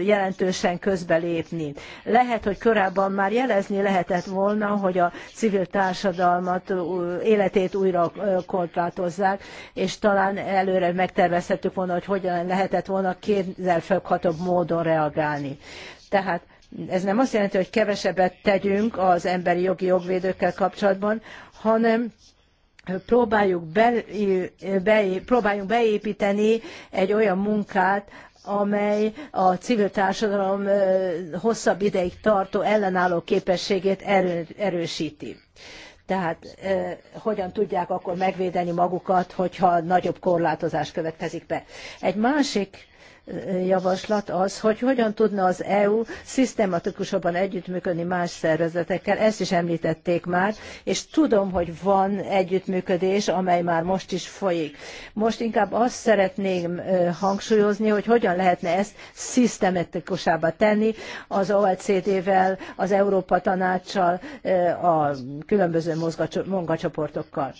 jelentősen közbelépni. Lehet, hogy korábban már jelezni lehetett volna, hogy a civil társadalmat életét újra korlátozzák, és talán előre megtervezhettük volna, hogy hogyan lehetett volna kézzelfoghatóbb módon reagálni. Tehát ez nem azt jelenti, hogy kevesebbet tegyünk az emberi jogi jogvédőkkel kapcsolatban, hanem próbáljuk be, be, próbáljunk beépíteni egy olyan munkát, amely a civil társadalom hosszabb ideig tartó ellenálló képességét erő, erősíti. Tehát eh, hogyan tudják akkor megvédeni magukat, hogyha nagyobb korlátozás következik be. Egy másik javaslat az, hogy hogyan tudna az EU szisztematikusabban együttműködni más szervezetekkel, ezt is említették már, és tudom, hogy van együttműködés, amely már most is folyik. Most inkább azt szeretném hangsúlyozni, hogy hogyan lehetne ezt szisztematikusába tenni az OECD-vel, az Európa Tanácssal, a különböző munkacsoportokkal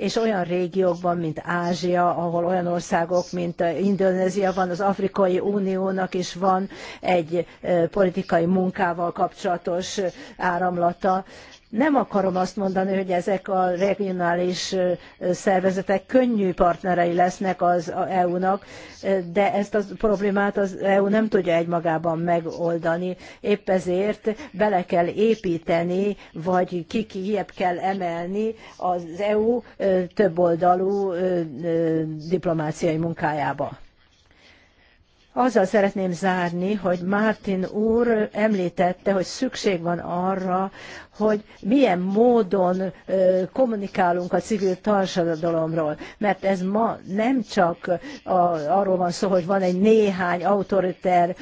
és olyan régiókban, mint Ázsia, ahol olyan országok, mint eh, Indonézia van, az Afrikai Uniónak is van egy eh, politikai munkával kapcsolatos eh, áramlata, nem akarom azt mondani, hogy ezek a regionális szervezetek könnyű partnerei lesznek az EU-nak, de ezt a problémát az EU nem tudja egymagában megoldani. Épp ezért bele kell építeni, vagy kikiebb kell emelni az EU többoldalú diplomáciai munkájába. Azzal szeretném zárni, hogy Mártin úr említette, hogy szükség van arra, hogy milyen módon kommunikálunk a civil társadalomról. Mert ez ma nem csak a, arról van szó, hogy van egy néhány autoriter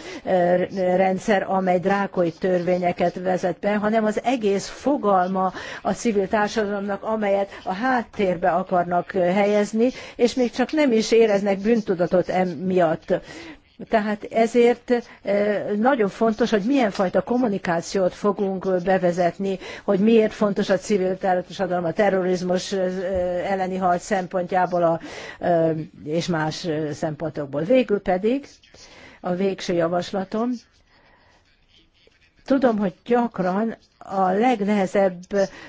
rendszer, amely drákoi törvényeket vezet be, hanem az egész fogalma a civil társadalomnak, amelyet a háttérbe akarnak helyezni, és még csak nem is éreznek bűntudatot emiatt tehát ezért eh, nagyon fontos, hogy milyen fajta kommunikációt fogunk eh, bevezetni, hogy miért fontos a civil társadalom a terrorizmus eh, elleni harc szempontjából a, és más szempontokból. Végül pedig a végső javaslatom. Tudom, hogy gyakran a legnehezebb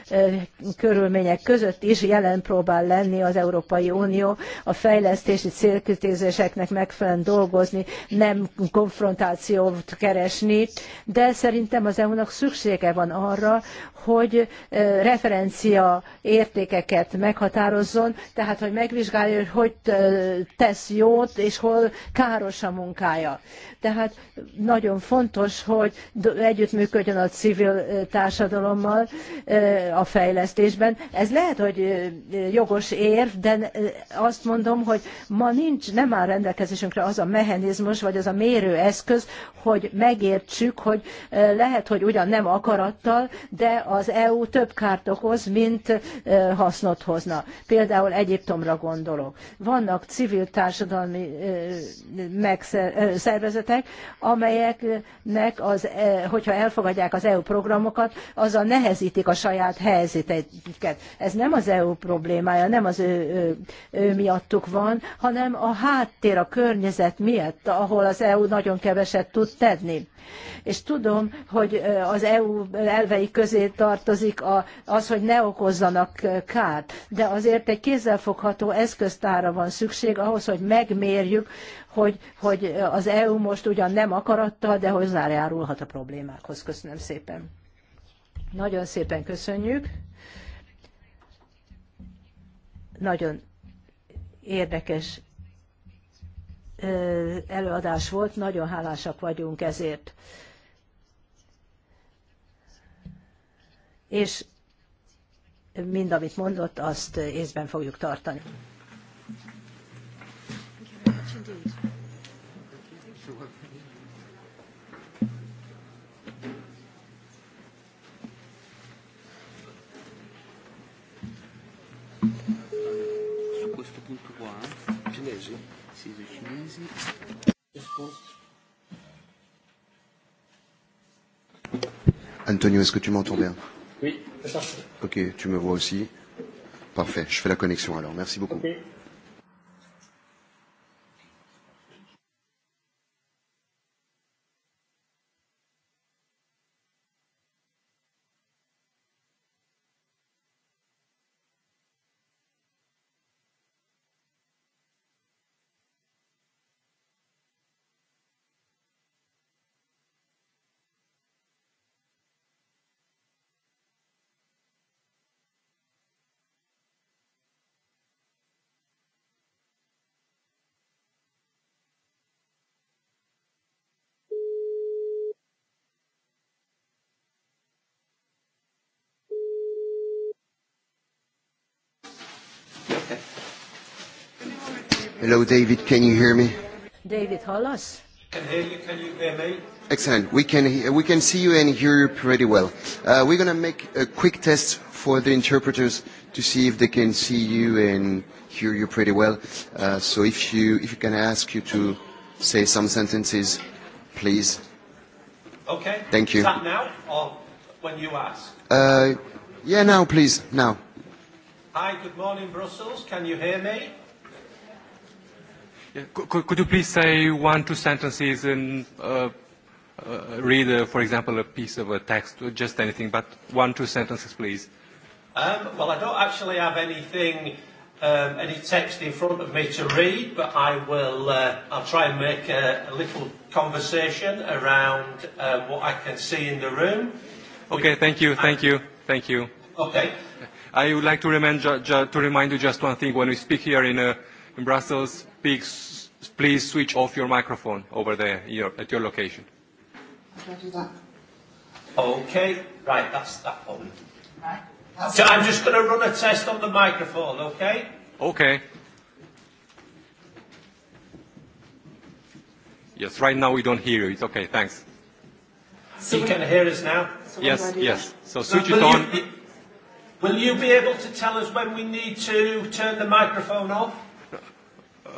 eh, körülmények között is jelen próbál lenni az Európai Unió a fejlesztési célkütézéseknek megfelelően dolgozni, nem konfrontációt keresni, de szerintem az EU-nak szüksége van arra, hogy eh, referencia értékeket meghatározzon, tehát hogy megvizsgálja, hogy hogy tesz jót, és hol káros a munkája. Tehát nagyon fontos, hogy együttműködjön a civil társadalom, eh, társadalommal eh, a fejlesztésben. Ez lehet, hogy eh, jogos érv, de eh, azt mondom, hogy ma nincs, nem áll rendelkezésünkre az a mechanizmus, vagy az a mérőeszköz, hogy megértsük, hogy lehet, hogy ugyan nem akarattal, de az EU több kárt okoz, mint hasznot hozna. Például Egyiptomra gondolok. Vannak civil társadalmi szervezetek, amelyeknek az, hogyha elfogadják az EU programokat, vannak, azzal nehezítik a saját helyzetüket. Ez nem az EU problémája, nem az ő, ő, ő miattuk van, hanem a háttér, a környezet miatt, ahol az EU nagyon keveset tud tenni. És tudom, hogy az EU elvei közé tartozik az, hogy ne okozzanak kárt, de azért egy kézzelfogható eszköztára van szükség ahhoz, hogy megmérjük, hogy, hogy az EU most ugyan nem akarattal, de hozzájárulhat a problémákhoz. Köszönöm szépen. Nagyon szépen köszönjük. Nagyon érdekes előadás volt, nagyon hálásak vagyunk ezért. És mind, amit mondott, azt észben fogjuk tartani. punto qua, eh? cinesi? Sì, dei Antonio, est-ce que tu m'entends bien Oui, c'est ça. Ok, tu me vois aussi. Parfait, je fais la connexion alors. Merci beaucoup. Okay. Hello, David, can you hear me? David, hallasz? Can hear you, can you hear me? Excellent. We can, we can see you and hear you pretty well. Uh, we're going to make a quick test for the interpreters to see if they can see you and hear you pretty well. Uh, so if you, if you can ask you to say some sentences, please. Okay. Thank you. Is that now or when you ask? Uh, yeah, now, please. Now. Hi, good morning, Brussels. Can you hear me? could, could you please say one, two sentences and uh, uh, read, uh, for example, a piece of a text or just anything, but one, two sentences, please. Um, well, I don't actually have anything, um, any text in front of me to read, but I will. Uh, I'll try and make a, a little conversation around uh, what I can see in the room. Okay. Thank you. Thank you. Thank you. Okay. I would like to remind, ju- ju- to remind you just one thing. When we speak here in, uh, in Brussels, speaks please switch off your microphone over there your, at your location. Okay, right, that's that one. Right. That's so it. I'm just going to run a test on the microphone, okay? Okay. Yes, right now we don't hear you. It's okay, thanks. So you can hear us now? So yes, yes. So switch so it on. You, will you be able to tell us when we need to turn the microphone off?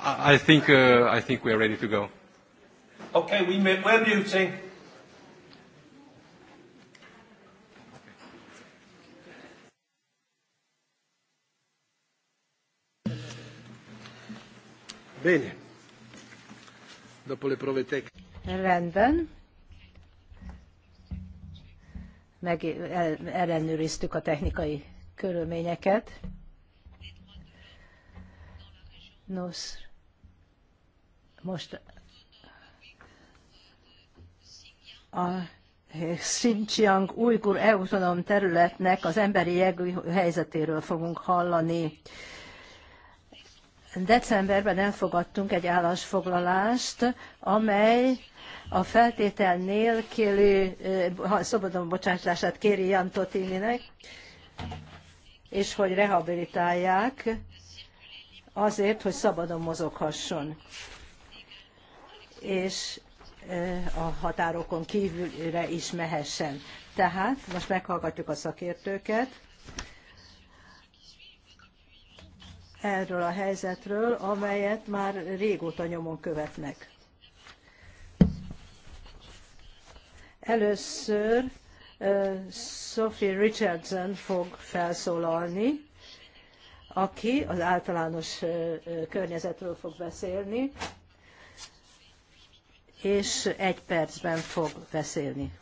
I think, uh, I think we are ready to go. Okay, we may, we're muting. Bene. Dopo le prove tecniche. Rendben. Meg ellenőriztük a technikai körülményeket. Nos, most a Xinjiang újgur autonóm területnek az emberi jegű helyzetéről fogunk hallani. Decemberben elfogadtunk egy állásfoglalást, amely a feltétel nélküli eh, szabadon bocsátását kéri Jan Totininek, és hogy rehabilitálják azért, hogy szabadon mozoghasson. És a határokon kívülre is mehessen. Tehát most meghallgatjuk a szakértőket erről a helyzetről, amelyet már régóta nyomon követnek. Először Sophie Richardson fog felszólalni, aki az általános környezetről fog beszélni, és egy percben fog beszélni.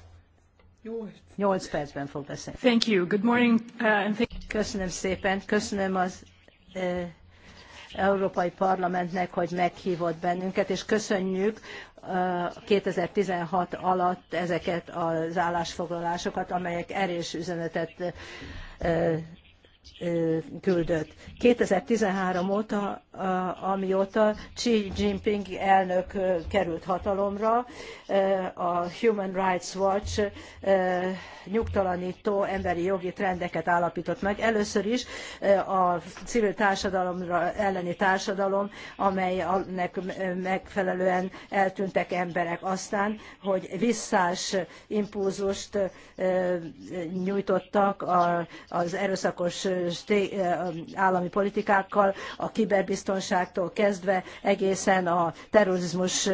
Nyolc percben fog beszélni. Thank you. Good morning. Uh, Köszönöm szépen. Köszönöm az Európai Parlamentnek, hogy meghívott bennünket, és köszönjük 2016 alatt ezeket az állásfoglalásokat, amelyek erős üzenetet küldött. 2013 óta, amióta Xi Jinping elnök került hatalomra, a Human Rights Watch nyugtalanító emberi jogi trendeket állapított meg. Először is a civil társadalomra elleni társadalom, amelynek megfelelően eltűntek emberek. Aztán, hogy visszás impulzust nyújtottak az erőszakos állami politikákkal, a kiberbiztonságtól kezdve egészen a terrorizmus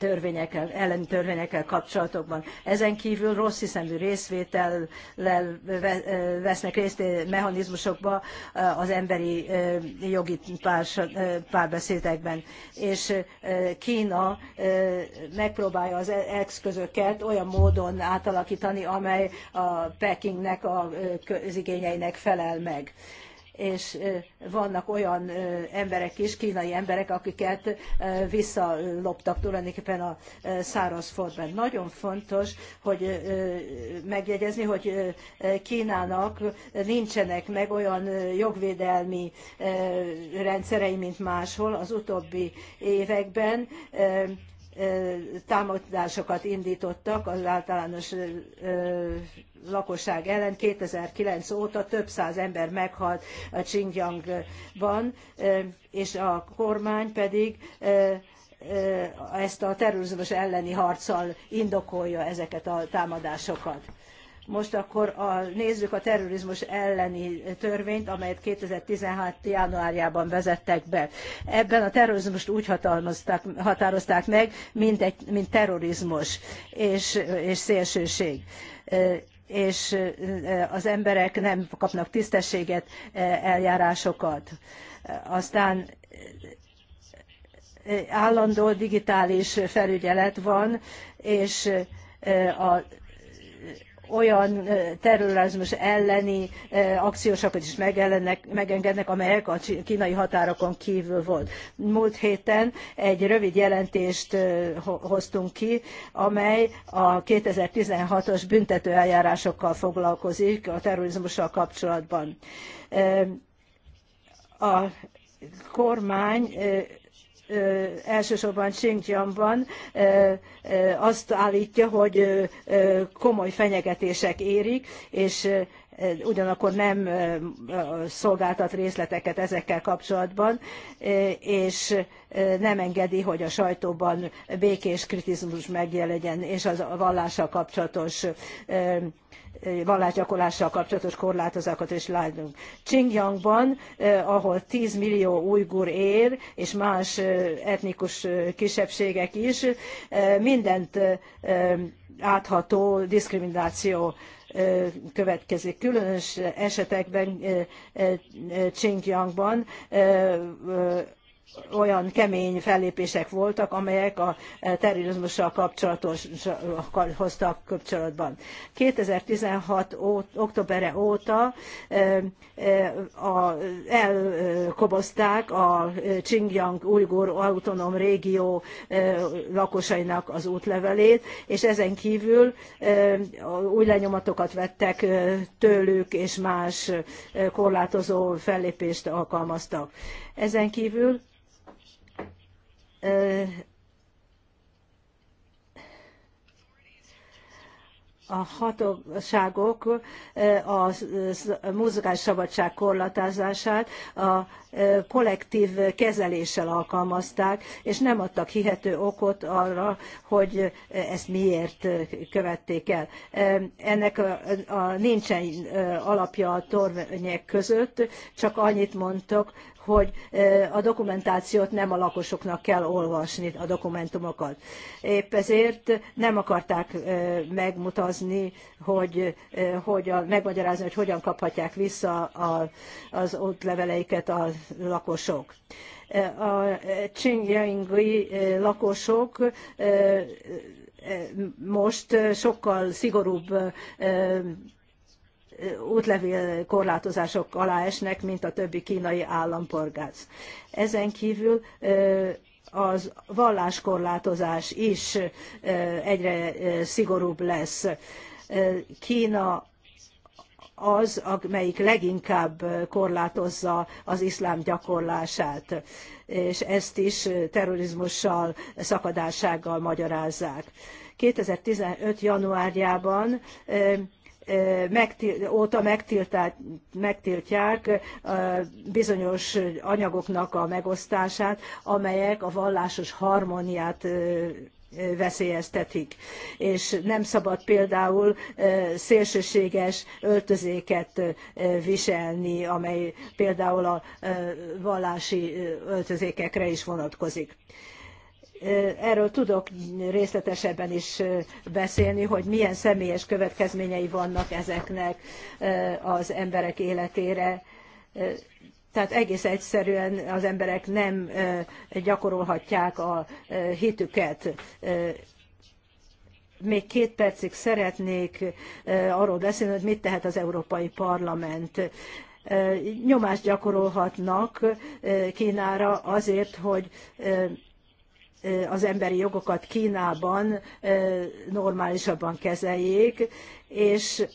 törvényekkel, elleni törvényekkel kapcsolatokban. Ezen kívül rossz hiszemű részvétellel vesznek részt mechanizmusokba az emberi jogi párbeszédekben. És Kína megpróbálja az eszközöket olyan módon átalakítani, amely a Pekingnek a közigényeinek felel meg és vannak olyan emberek is, kínai emberek, akiket visszaloptak tulajdonképpen a szárazföldben. Nagyon fontos, hogy megjegyezni, hogy Kínának nincsenek meg olyan jogvédelmi rendszerei, mint máshol az utóbbi években támadásokat indítottak az általános lakosság ellen 2009 óta több száz ember meghalt a eh, Xinjiangban, eh, és a kormány pedig eh, ezt a terrorizmus elleni harccal indokolja ezeket a támadásokat. Most akkor a, nézzük a terrorizmus elleni törvényt, amelyet 2016. januárjában vezettek be. Ebben a terrorizmust úgy határozták meg, mint, egy, mint terrorizmus és, és szélsőség és az emberek nem kapnak tisztességet, eljárásokat. Aztán állandó digitális felügyelet van, és a olyan terrorizmus elleni akciósokat is megengednek, amelyek a kínai határokon kívül volt. Múlt héten egy rövid jelentést hoztunk ki, amely a 2016-os büntetőeljárásokkal foglalkozik a terrorizmussal kapcsolatban. A kormány elsősorban Xinjiangban azt állítja, hogy komoly fenyegetések érik, és ugyanakkor nem szolgáltat részleteket ezekkel kapcsolatban, és nem engedi, hogy a sajtóban békés kritizmus megjelenjen, és az a vallással kapcsolatos vallásgyakorlással kapcsolatos korlátozásokat is látunk. Xinjiangban, eh, ahol 10 millió ujgur ér, és más eh, etnikus eh, kisebbségek is, mindent átható diszkrimináció következik. Különös esetekben Xinjiangban olyan kemény fellépések voltak, amelyek a eh, terrorizmussal kapcsolatos eh, hoztak kapcsolatban. 2016 ó, októberre óta eh, a, elkobozták a Xinjiang Ujgur autonóm régió lakosainak az útlevelét, és ezen kívül új lenyomatokat vettek tőlük, és más korlátozó fellépést alkalmaztak. Ezen kívül a hatóságok a mozgás szabadság korlátozását a kollektív kezeléssel alkalmazták, és nem adtak hihető okot arra, hogy ezt miért követték el. Ennek a, a nincsen alapja a törvények között, csak annyit mondtak, hogy a dokumentációt nem a lakosoknak kell olvasni, a dokumentumokat. Épp ezért nem akarták megmutatni, hogy, hogy a, megmagyarázni, hogy hogyan kaphatják vissza a, az útleveleiket a lakosok a Xinjiangi lakosok most sokkal szigorúbb útlevél korlátozások alá esnek, mint a többi kínai állampolgár. Ezen kívül az valláskorlátozás is egyre szigorúbb lesz. Kína az, amelyik leginkább korlátozza az iszlám gyakorlását, és ezt is terrorizmussal, szakadássággal magyarázzák. 2015. januárjában megtil, óta megtiltják bizonyos anyagoknak a megosztását, amelyek a vallásos harmóniát veszélyeztetik. És nem szabad például szélsőséges öltözéket viselni, amely például a vallási öltözékekre is vonatkozik. Erről tudok részletesebben is beszélni, hogy milyen személyes következményei vannak ezeknek az emberek életére. Tehát egész egyszerűen az emberek nem gyakorolhatják a hitüket. Még két percig szeretnék arról beszélni, hogy mit tehet az Európai Parlament nyomást gyakorolhatnak Kínára azért, hogy az emberi jogokat Kínában normálisabban kezeljék, és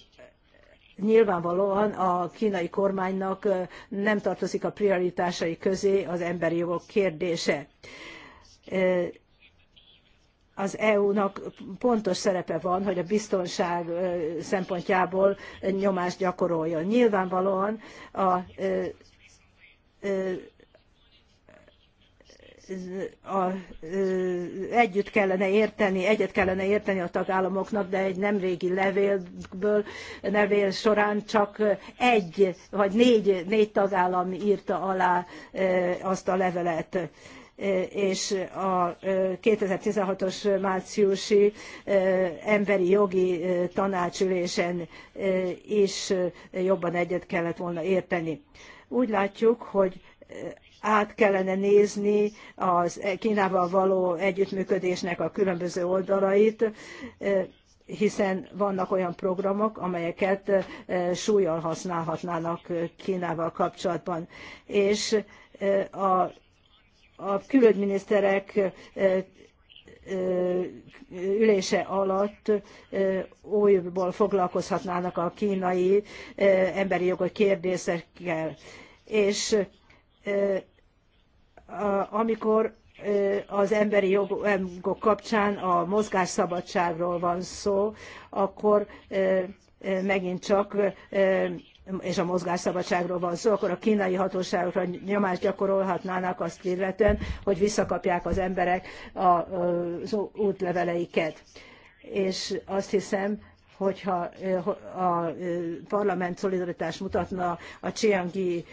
nyilvánvalóan a kínai kormánynak nem tartozik a prioritásai közé az emberi jogok kérdése. Az EU-nak pontos szerepe van, hogy a biztonság szempontjából nyomást gyakoroljon. Nyilvánvalóan a a, együtt kellene érteni, egyet kellene érteni a tagállamoknak, de egy nemrégi levélből, levél során csak egy vagy négy, négy tagállam írta alá azt a levelet és a 2016-os márciusi emberi jogi tanácsülésen is jobban egyet kellett volna érteni. Úgy látjuk, hogy át kellene nézni az Kínával való együttműködésnek a különböző oldalait, eh, hiszen vannak olyan programok, amelyeket eh, súlyal használhatnának eh, Kínával kapcsolatban. És a, a külügyminiszterek ülése alatt újból foglalkozhatnának a kínai emberi jogok kérdésekkel. És amikor az emberi jogok kapcsán a mozgásszabadságról van szó, akkor megint csak és a mozgásszabadságról van szó, akkor a kínai hatóságokra nyomást gyakorolhatnának azt illetően, hogy visszakapják az emberek az útleveleiket. És azt hiszem, hogyha a parlament szolidaritást mutatna a csiangi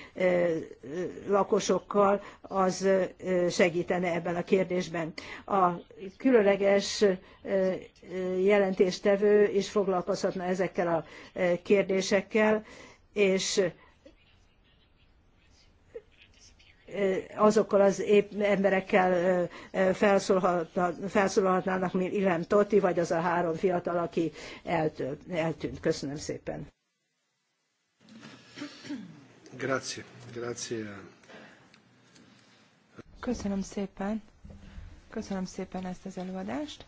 lakosokkal, az segítene ebben a kérdésben. A különleges jelentéstevő is foglalkozhatna ezekkel a kérdésekkel, és azokkal az épp emberekkel felszólalhatnának, mint Ilem Toti, vagy az a három fiatal, aki eltűnt. Köszönöm szépen. Grazie. Grazie. Köszönöm szépen. Köszönöm szépen ezt az előadást.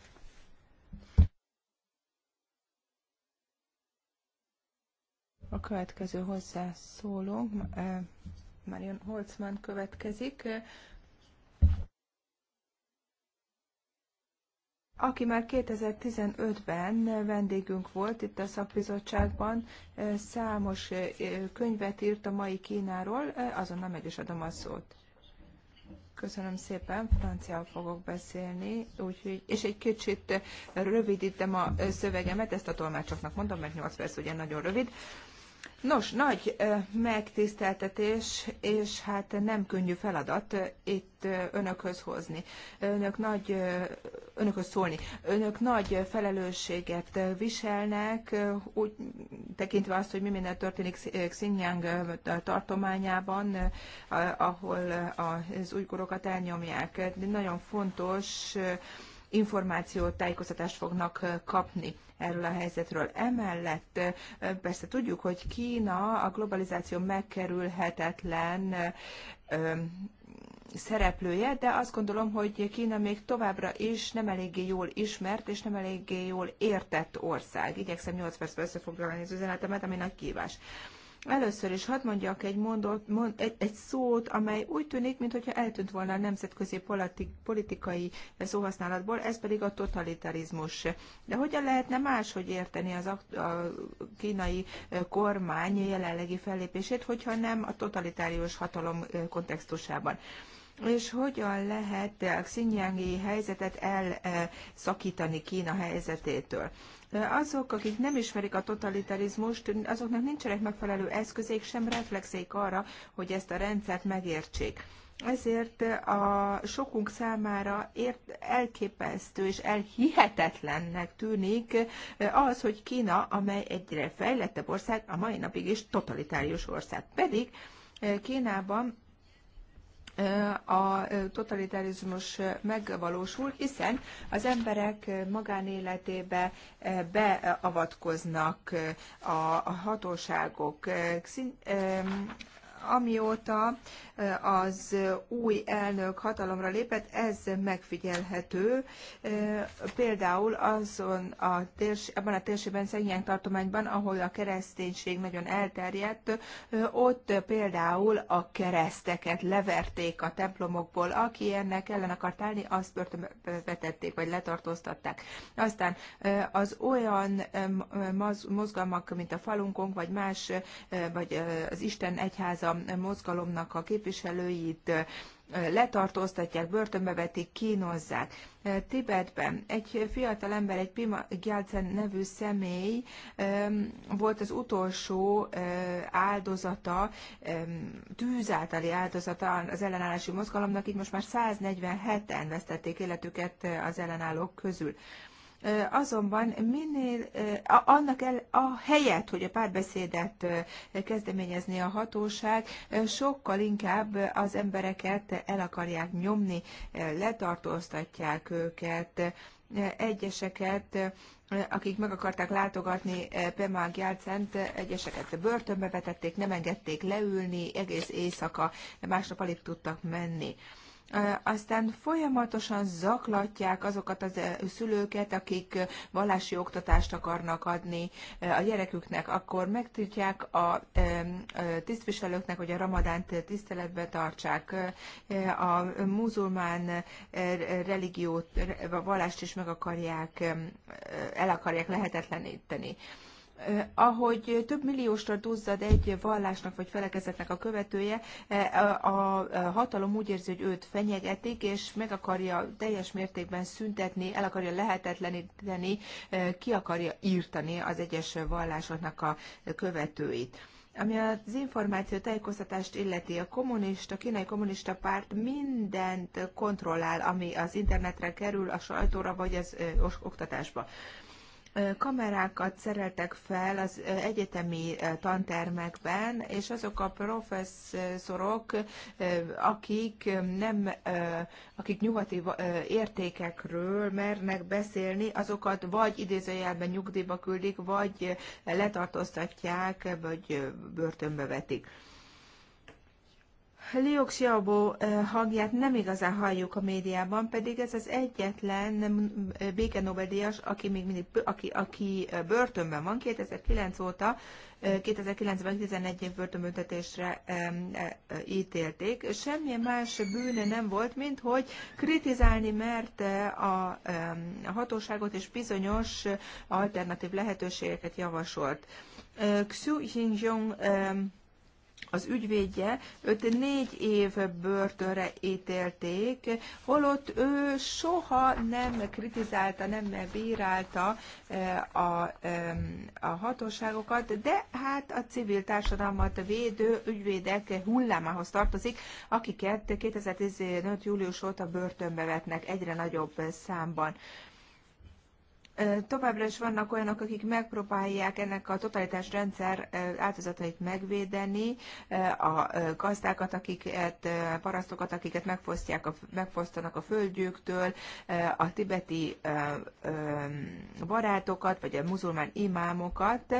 A következő hozzászólónk Marion Holzman következik, aki már 2015-ben vendégünk volt itt a szakbizottságban, számos könyvet írt a mai Kínáról, azonnal meg is adom a szót. Köszönöm szépen, franciául fogok beszélni, úgyhogy, és egy kicsit rövidítem a szövegemet, ezt a tolmácsoknak mondom, mert 8 perc ugye nagyon rövid. Uh, Nos, nagy megtiszteltetés, és hát nem könnyű feladat itt önökhöz hozni, önök nagy, önökhöz szólni. Önök nagy felelősséget viselnek, úgy tekintve azt, hogy mi minden történik Xinjiang tartományában, ahol az újkorokat elnyomják. De nagyon fontos információt, tájékoztatást fognak kapni erről a helyzetről. Emellett persze tudjuk, hogy Kína a globalizáció megkerülhetetlen szereplője, de azt gondolom, hogy Kína még továbbra is nem eléggé jól ismert és nem eléggé jól értett ország. Igyekszem 8 percbe összefoglalni az üzenetemet, ami nagy kívás. Először is hadd mondjak egy, mondot, mond, egy, egy szót, amely úgy tűnik, mintha eltűnt volna a nemzetközi politikai szóhasználatból, ez pedig a totalitarizmus. De hogyan lehetne máshogy érteni az a, a kínai kormány jelenlegi fellépését, hogyha nem a totalitárius hatalom kontextusában? és hogyan lehet a xinjiangi helyzetet elszakítani Kína helyzetétől. Azok, akik nem ismerik a totalitarizmust, azoknak nincsenek megfelelő eszközék, sem reflexék arra, hogy ezt a rendszert megértsék. Ezért a sokunk számára ért, elképesztő és elhihetetlennek tűnik az, hogy Kína, amely egyre fejlettebb ország, a mai napig is totalitárius ország. Pedig Kínában a totalitarizmus megvalósul, hiszen az emberek magánéletébe beavatkoznak a hatóságok amióta az új elnök hatalomra lépett, ez megfigyelhető. Például azon a térs, abban a térségben, Szegnyen tartományban, ahol a kereszténység nagyon elterjedt, ott például a kereszteket leverték a templomokból. Aki ennek ellen akart állni, azt börtönbe vetették, vagy letartóztatták. Aztán az olyan mozgalmak, mint a falunkon, vagy más, vagy az Isten egyháza mozgalomnak a képviselőit letartóztatják, börtönbe vetik, kínozzák. Tibetben egy fiatal ember, egy Pima Gyalcen nevű személy volt az utolsó áldozata, tűz általi áldozata az ellenállási mozgalomnak, így most már 147-en vesztették életüket az ellenállók közül azonban minél annak el, a helyet, hogy a párbeszédet kezdeményezni a hatóság, sokkal inkább az embereket el akarják nyomni, letartóztatják őket, egyeseket, akik meg akarták látogatni Pemák Játszent, egyeseket börtönbe vetették, nem engedték leülni, egész éjszaka, másnap alig tudtak menni aztán folyamatosan zaklatják azokat a az szülőket, akik vallási oktatást akarnak adni a gyereküknek, akkor megtiltják a tisztviselőknek, hogy a ramadánt tiszteletbe tartsák, a muzulmán religiót, vallást is meg akarják, el akarják lehetetleníteni ahogy több milliósra duzzad egy vallásnak vagy felekezetnek a követője, a hatalom úgy érzi, hogy őt fenyegetik, és meg akarja teljes mértékben szüntetni, el akarja lehetetleníteni, ki akarja írtani az egyes vallásoknak a követőit. Ami az információ tájékoztatást illeti, a kommunista, kínai kommunista párt mindent kontrollál, ami az internetre kerül, a sajtóra vagy az oktatásba. Kamerákat szereltek fel az egyetemi tantermekben, és azok a professzorok, akik nem, akik nyugati értékekről mernek beszélni, azokat vagy idézőjelben nyugdíjba küldik, vagy letartóztatják, vagy börtönbe vetik. Liu Xiaobo hangját nem igazán halljuk a médiában, pedig ez az egyetlen béke Nobel-díjas, aki még mindig, aki, aki börtönben van 2009 óta, 2009-ben 11 év börtönbüntetésre ítélték. Semmilyen más bűne nem volt, mint hogy kritizálni merte a hatóságot, és bizonyos alternatív lehetőségeket javasolt. Xu Xinjiang az ügyvédje, őt négy év börtönre ítélték, holott ő soha nem kritizálta, nem bírálta eh, a, a hatóságokat, de hát a civil társadalmat védő ügyvédek hullámához tartozik, akiket 2015. július óta börtönbe vetnek egyre nagyobb számban. Továbbra is vannak olyanok, akik megpróbálják ennek a totalitás rendszer áldozatait megvédeni, a gazdákat, akiket, parasztokat, akiket megfosztják, megfosztanak a földjüktől, a tibeti barátokat, vagy a muzulmán imámokat.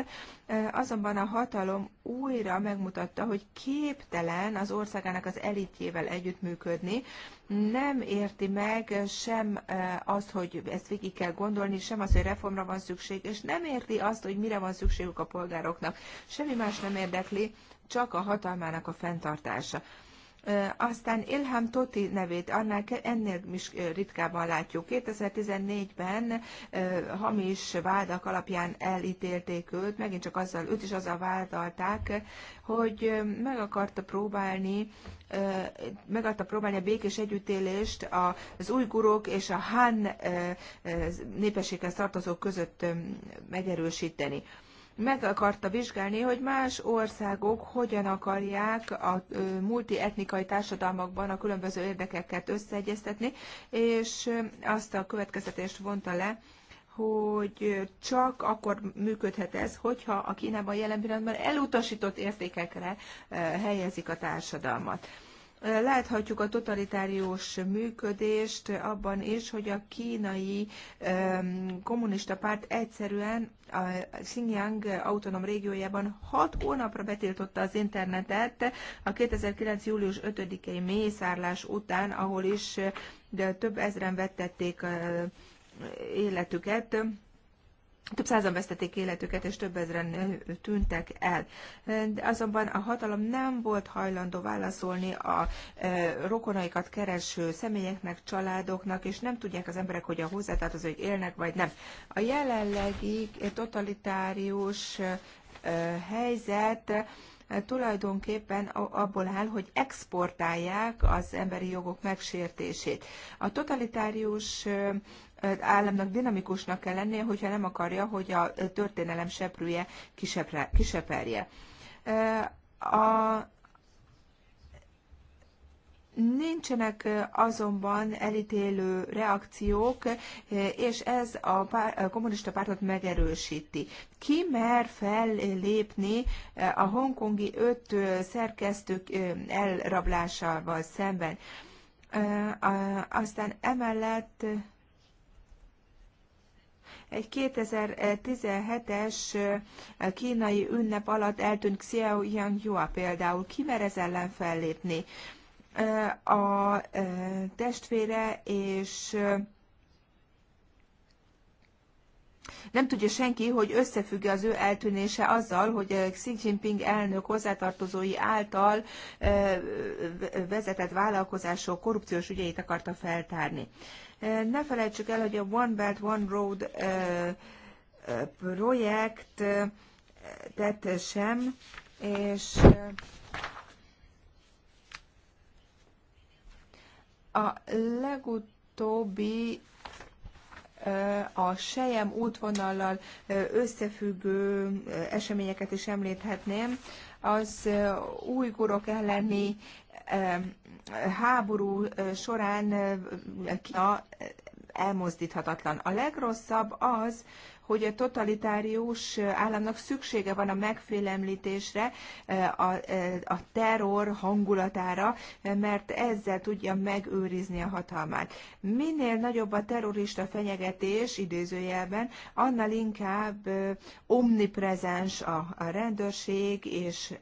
Azonban a hatalom újra megmutatta, hogy képtelen az országának az elitjével együttműködni, nem érti meg sem eh, azt, hogy ezt végig kell gondolni, sem azt, hogy reformra van szükség, és nem érti azt, hogy mire van szükségük a polgároknak. Semmi más nem érdekli, csak a hatalmának a fenntartása. Aztán Ilham Toti nevét annál, ennél is ritkábban látjuk. 2014-ben hamis vádak alapján elítélték őt, megint csak azzal, őt is azzal vádalták, hogy meg akarta próbálni meg akarta próbálni a békés együttélést az ujgurok és a Han népességhez tartozók között megerősíteni meg akarta vizsgálni, hogy más országok hogyan akarják a multietnikai társadalmakban a különböző érdekeket összeegyeztetni, és azt a következtetést vonta le, hogy csak akkor működhet ez, hogyha a Kínában jelen pillanatban elutasított értékekre helyezik a társadalmat. Láthatjuk a totalitárius működést abban is, hogy a kínai kommunista párt egyszerűen a Xinjiang autonóm régiójában hat hónapra betiltotta az internetet a 2009. július 5-i mészárlás után, ahol is több ezren vettették életüket több százan vesztették életüket, és több ezren tűntek el. De azonban a hatalom nem volt hajlandó válaszolni a rokonaikat kereső személyeknek, családoknak, és nem tudják az emberek, hogy a hozzátartozó, hogy élnek, vagy nem. A jelenlegi totalitárius helyzet tulajdonképpen abból áll, hogy exportálják az emberi jogok megsértését. A totalitárius államnak dinamikusnak kell lennie, hogyha nem akarja, hogy a történelem seprője kiseperje. A, Nincsenek azonban elítélő reakciók, és ez a, pár, a kommunista pártot megerősíti. Ki mer fellépni a hongkongi öt szerkesztők elrablásával szemben? Aztán emellett egy 2017-es eh, kínai ünnep alatt eltűnt Xiao Yua például. Ki mer ez ellen fellépni? Eh, a eh, testvére és nem tudja senki, hogy összefügg az ő eltűnése azzal, hogy Xi Jinping elnök hozzátartozói által vezetett vállalkozások korrupciós ügyeit akarta feltárni. Ne felejtsük el, hogy a One Belt, One Road projekt tett sem, és a legutóbbi a Sejem útvonallal összefüggő eseményeket is említhetném. Az újgurok elleni háború során Kína elmozdíthatatlan. A legrosszabb az, hogy a totalitárius államnak szüksége van a megfélemlítésre, a, a terror hangulatára, mert ezzel tudja megőrizni a hatalmát. Minél nagyobb a terrorista fenyegetés, idézőjelben, annál inkább omniprezens a, a rendőrség, és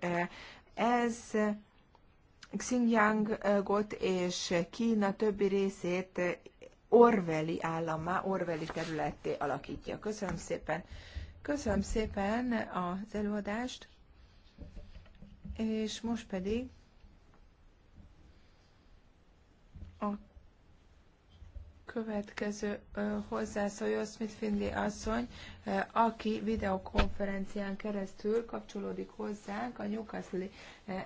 ez Xinjiangot eh, és Kína többi részét Orveli állammá, Orveli területté alakítja. Köszönöm szépen. Köszönöm szépen az előadást, és most pedig a következő hozzászóló Smith Findlay asszony, aki videokonferencián keresztül kapcsolódik hozzánk a Newcastle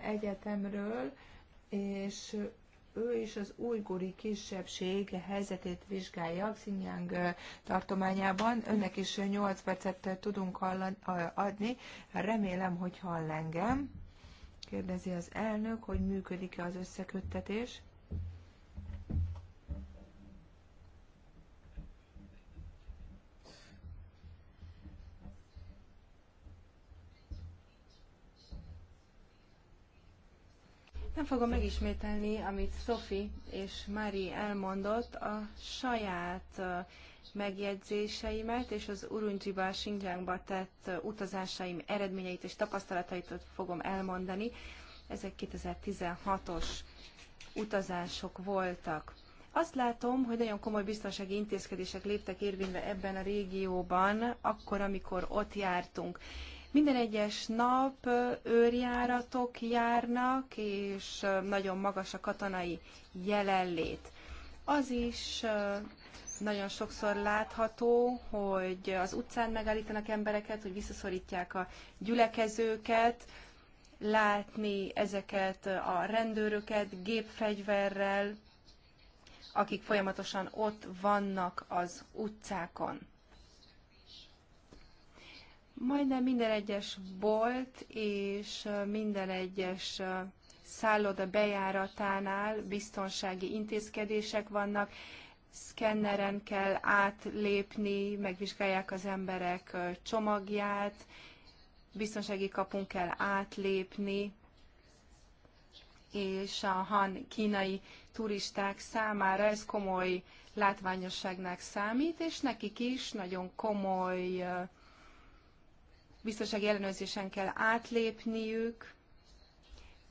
Egyetemről, és ő is az újgori kisebbség helyzetét vizsgálja Xinjiang tartományában. Önnek is 8 percet tudunk adni. Remélem, hogy hall engem. Kérdezi az elnök, hogy működik-e az összeköttetés. Nem fogom megismételni, amit Sophie és Mári elmondott, a saját megjegyzéseimet és az Urumcsiba, Xinjiangba tett utazásaim eredményeit és tapasztalatait fogom elmondani. Ezek 2016-os utazások voltak. Azt látom, hogy nagyon komoly biztonsági intézkedések léptek érvénybe ebben a régióban, akkor, amikor ott jártunk. Minden egyes nap őrjáratok járnak, és nagyon magas a katonai jelenlét. Az is nagyon sokszor látható, hogy az utcán megállítanak embereket, hogy visszaszorítják a gyülekezőket, látni ezeket a rendőröket gépfegyverrel, akik folyamatosan ott vannak az utcákon. Majdnem minden egyes bolt és minden egyes szálloda bejáratánál biztonsági intézkedések vannak, szkenneren kell átlépni, megvizsgálják az emberek csomagját, biztonsági kapun kell átlépni, és a han kínai turisták számára ez komoly látványosságnak számít, és nekik is nagyon komoly uh, biztonsági ellenőrzésen kell átlépniük,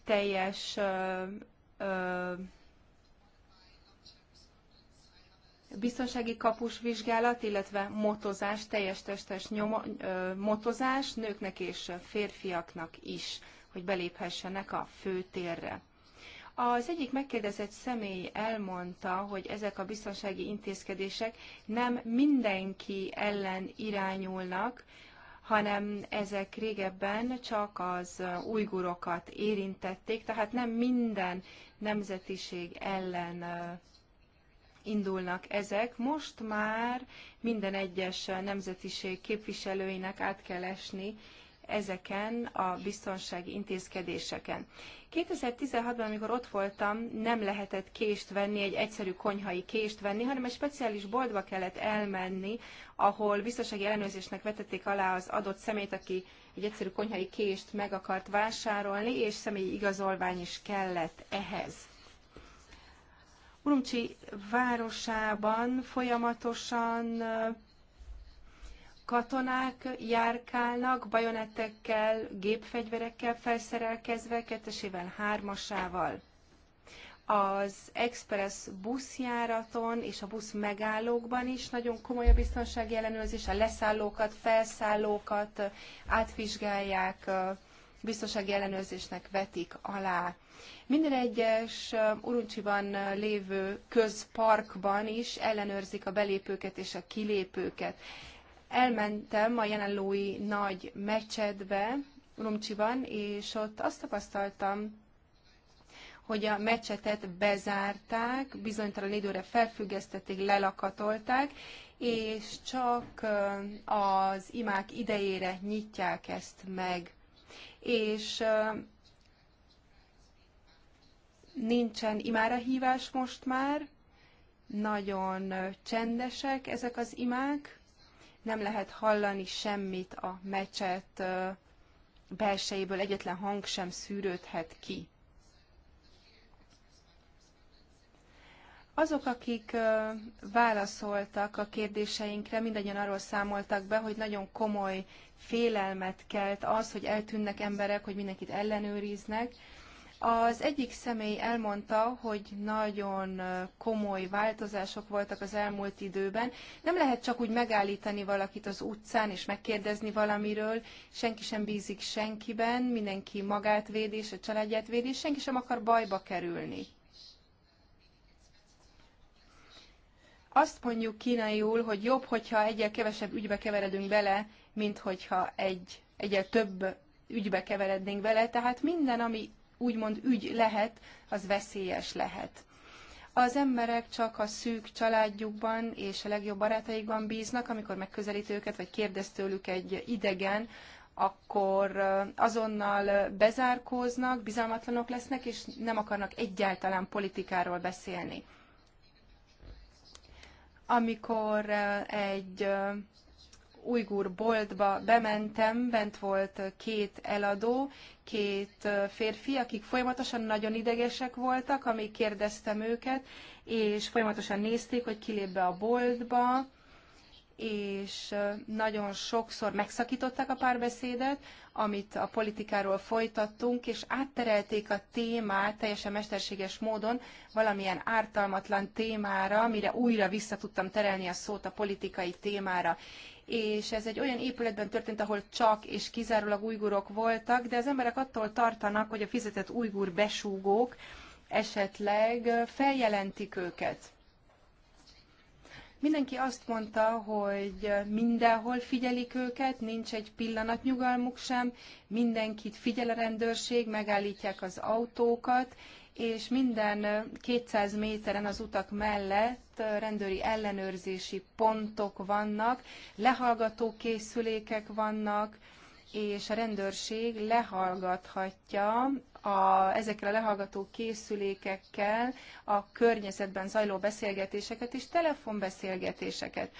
teljes ö, ö, biztonsági kapus vizsgálat, illetve motozás, teljes testes nyoma, ö, motozás nőknek és férfiaknak is, hogy beléphessenek a főtérre. Az egyik megkérdezett személy elmondta, hogy ezek a biztonsági intézkedések nem mindenki ellen irányulnak, hanem ezek régebben csak az ujgurokat érintették, tehát nem minden nemzetiség ellen indulnak ezek. Most már minden egyes nemzetiség képviselőinek át kell esni ezeken a biztonsági intézkedéseken. 2016-ban, amikor ott voltam, nem lehetett kést venni, egy egyszerű konyhai kést venni, hanem egy speciális boltba kellett elmenni, ahol biztonsági ellenőrzésnek vetették alá az adott szemét, aki egy egyszerű konyhai kést meg akart vásárolni, és személyi igazolvány is kellett ehhez. Urumcsi városában folyamatosan katonák járkálnak, bajonettekkel, gépfegyverekkel felszerelkezve, kettesével, hármasával. Az express buszjáraton és a busz megállókban is nagyon komoly a biztonsági ellenőrzés, a leszállókat, felszállókat átvizsgálják, biztonsági ellenőrzésnek vetik alá. Minden egyes Uruncsiban lévő közparkban is ellenőrzik a belépőket és a kilépőket elmentem a jelenlói nagy mecsetbe, Rumcsiban, és ott azt tapasztaltam, hogy a mecsetet bezárták, bizonytalan időre felfüggesztették, lelakatolták, és csak az imák idejére nyitják ezt meg. És nincsen imára hívás most már, nagyon csendesek ezek az imák, nem lehet hallani semmit a mecset belsejéből, egyetlen hang sem szűrődhet ki. Azok, akik válaszoltak a kérdéseinkre, mindannyian arról számoltak be, hogy nagyon komoly félelmet kelt az, hogy eltűnnek emberek, hogy mindenkit ellenőriznek, az egyik személy elmondta, hogy nagyon komoly változások voltak az elmúlt időben. Nem lehet csak úgy megállítani valakit az utcán és megkérdezni valamiről. Senki sem bízik senkiben, mindenki magát védi és a családját védi, és senki sem akar bajba kerülni. Azt mondjuk kínaiul, hogy jobb, hogyha egyel kevesebb ügybe keveredünk bele, mint hogyha egy, egyel több ügybe keverednénk bele. Tehát minden, ami úgymond ügy lehet, az veszélyes lehet. Az emberek csak a szűk családjukban és a legjobb barátaikban bíznak, amikor megközelít őket, vagy kérdez tőlük egy idegen, akkor azonnal bezárkóznak, bizalmatlanok lesznek, és nem akarnak egyáltalán politikáról beszélni. Amikor egy ujgur boltba bementem, bent volt két eladó, két férfi, akik folyamatosan nagyon idegesek voltak, amíg kérdeztem őket, és folyamatosan nézték, hogy kilép be a boltba, és nagyon sokszor megszakították a párbeszédet, amit a politikáról folytattunk, és átterelték a témát teljesen mesterséges módon valamilyen ártalmatlan témára, mire újra vissza tudtam terelni a szót a politikai témára és ez egy olyan épületben történt, ahol csak és kizárólag ujgurok voltak, de az emberek attól tartanak, hogy a fizetett ujgur besúgók esetleg feljelentik őket. Mindenki azt mondta, hogy mindenhol figyelik őket, nincs egy pillanat nyugalmuk sem, mindenkit figyel a rendőrség, megállítják az autókat, és minden 200 méteren az utak mellett rendőri ellenőrzési pontok vannak, lehallgató készülékek vannak, és a rendőrség lehallgathatja a, ezekkel a lehallgató készülékekkel a környezetben zajló beszélgetéseket és telefonbeszélgetéseket.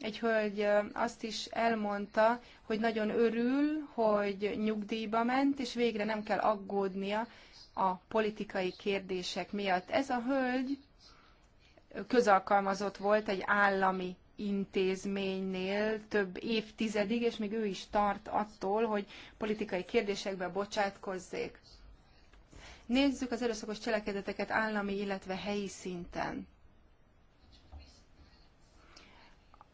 Egy hölgy azt is elmondta, hogy nagyon örül, hogy nyugdíjba ment, és végre nem kell aggódnia a politikai kérdések miatt. Ez a hölgy közalkalmazott volt egy állami intézménynél több évtizedig, és még ő is tart attól, hogy politikai kérdésekbe bocsátkozzék. Nézzük az erőszakos cselekedeteket állami, illetve helyi szinten.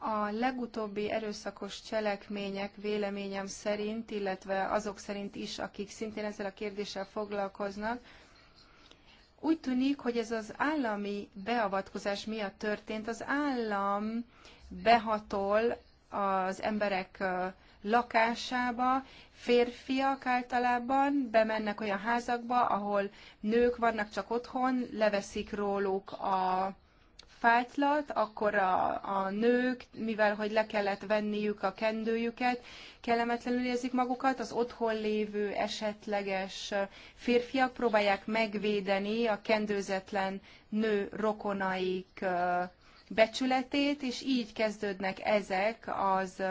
A legutóbbi erőszakos cselekmények véleményem szerint, illetve azok szerint is, akik szintén ezzel a kérdéssel foglalkoznak, úgy tűnik, hogy ez az állami beavatkozás miatt történt. Az állam behatol az emberek lakásába, férfiak általában bemennek olyan házakba, ahol nők vannak csak otthon, leveszik róluk a fátylat, akkor a, a nők, mivel hogy le kellett venniük a kendőjüket, kellemetlenül érzik magukat, az otthon lévő esetleges férfiak próbálják megvédeni a kendőzetlen nő rokonaik becsületét, és így kezdődnek ezek az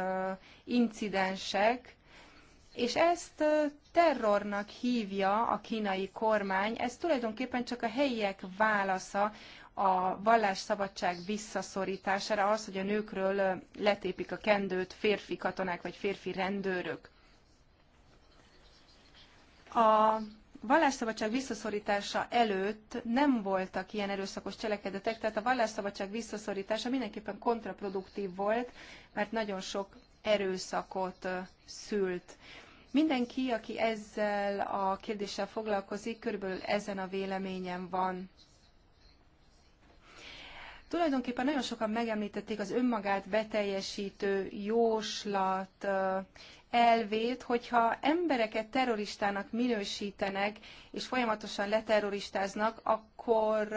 incidensek, és ezt terrornak hívja a kínai kormány, ez tulajdonképpen csak a helyiek válasza a vallásszabadság visszaszorítására, az, hogy a nőkről letépik a kendőt férfi katonák vagy férfi rendőrök. A vallásszabadság visszaszorítása előtt nem voltak ilyen erőszakos cselekedetek, tehát a vallásszabadság visszaszorítása mindenképpen kontraproduktív volt, mert nagyon sok erőszakot szült. Mindenki, aki ezzel a kérdéssel foglalkozik, körülbelül ezen a véleményen van. Tulajdonképpen nagyon sokan megemlítették az önmagát beteljesítő jóslat elvét, hogyha embereket terroristának minősítenek, és folyamatosan leterroristáznak, akkor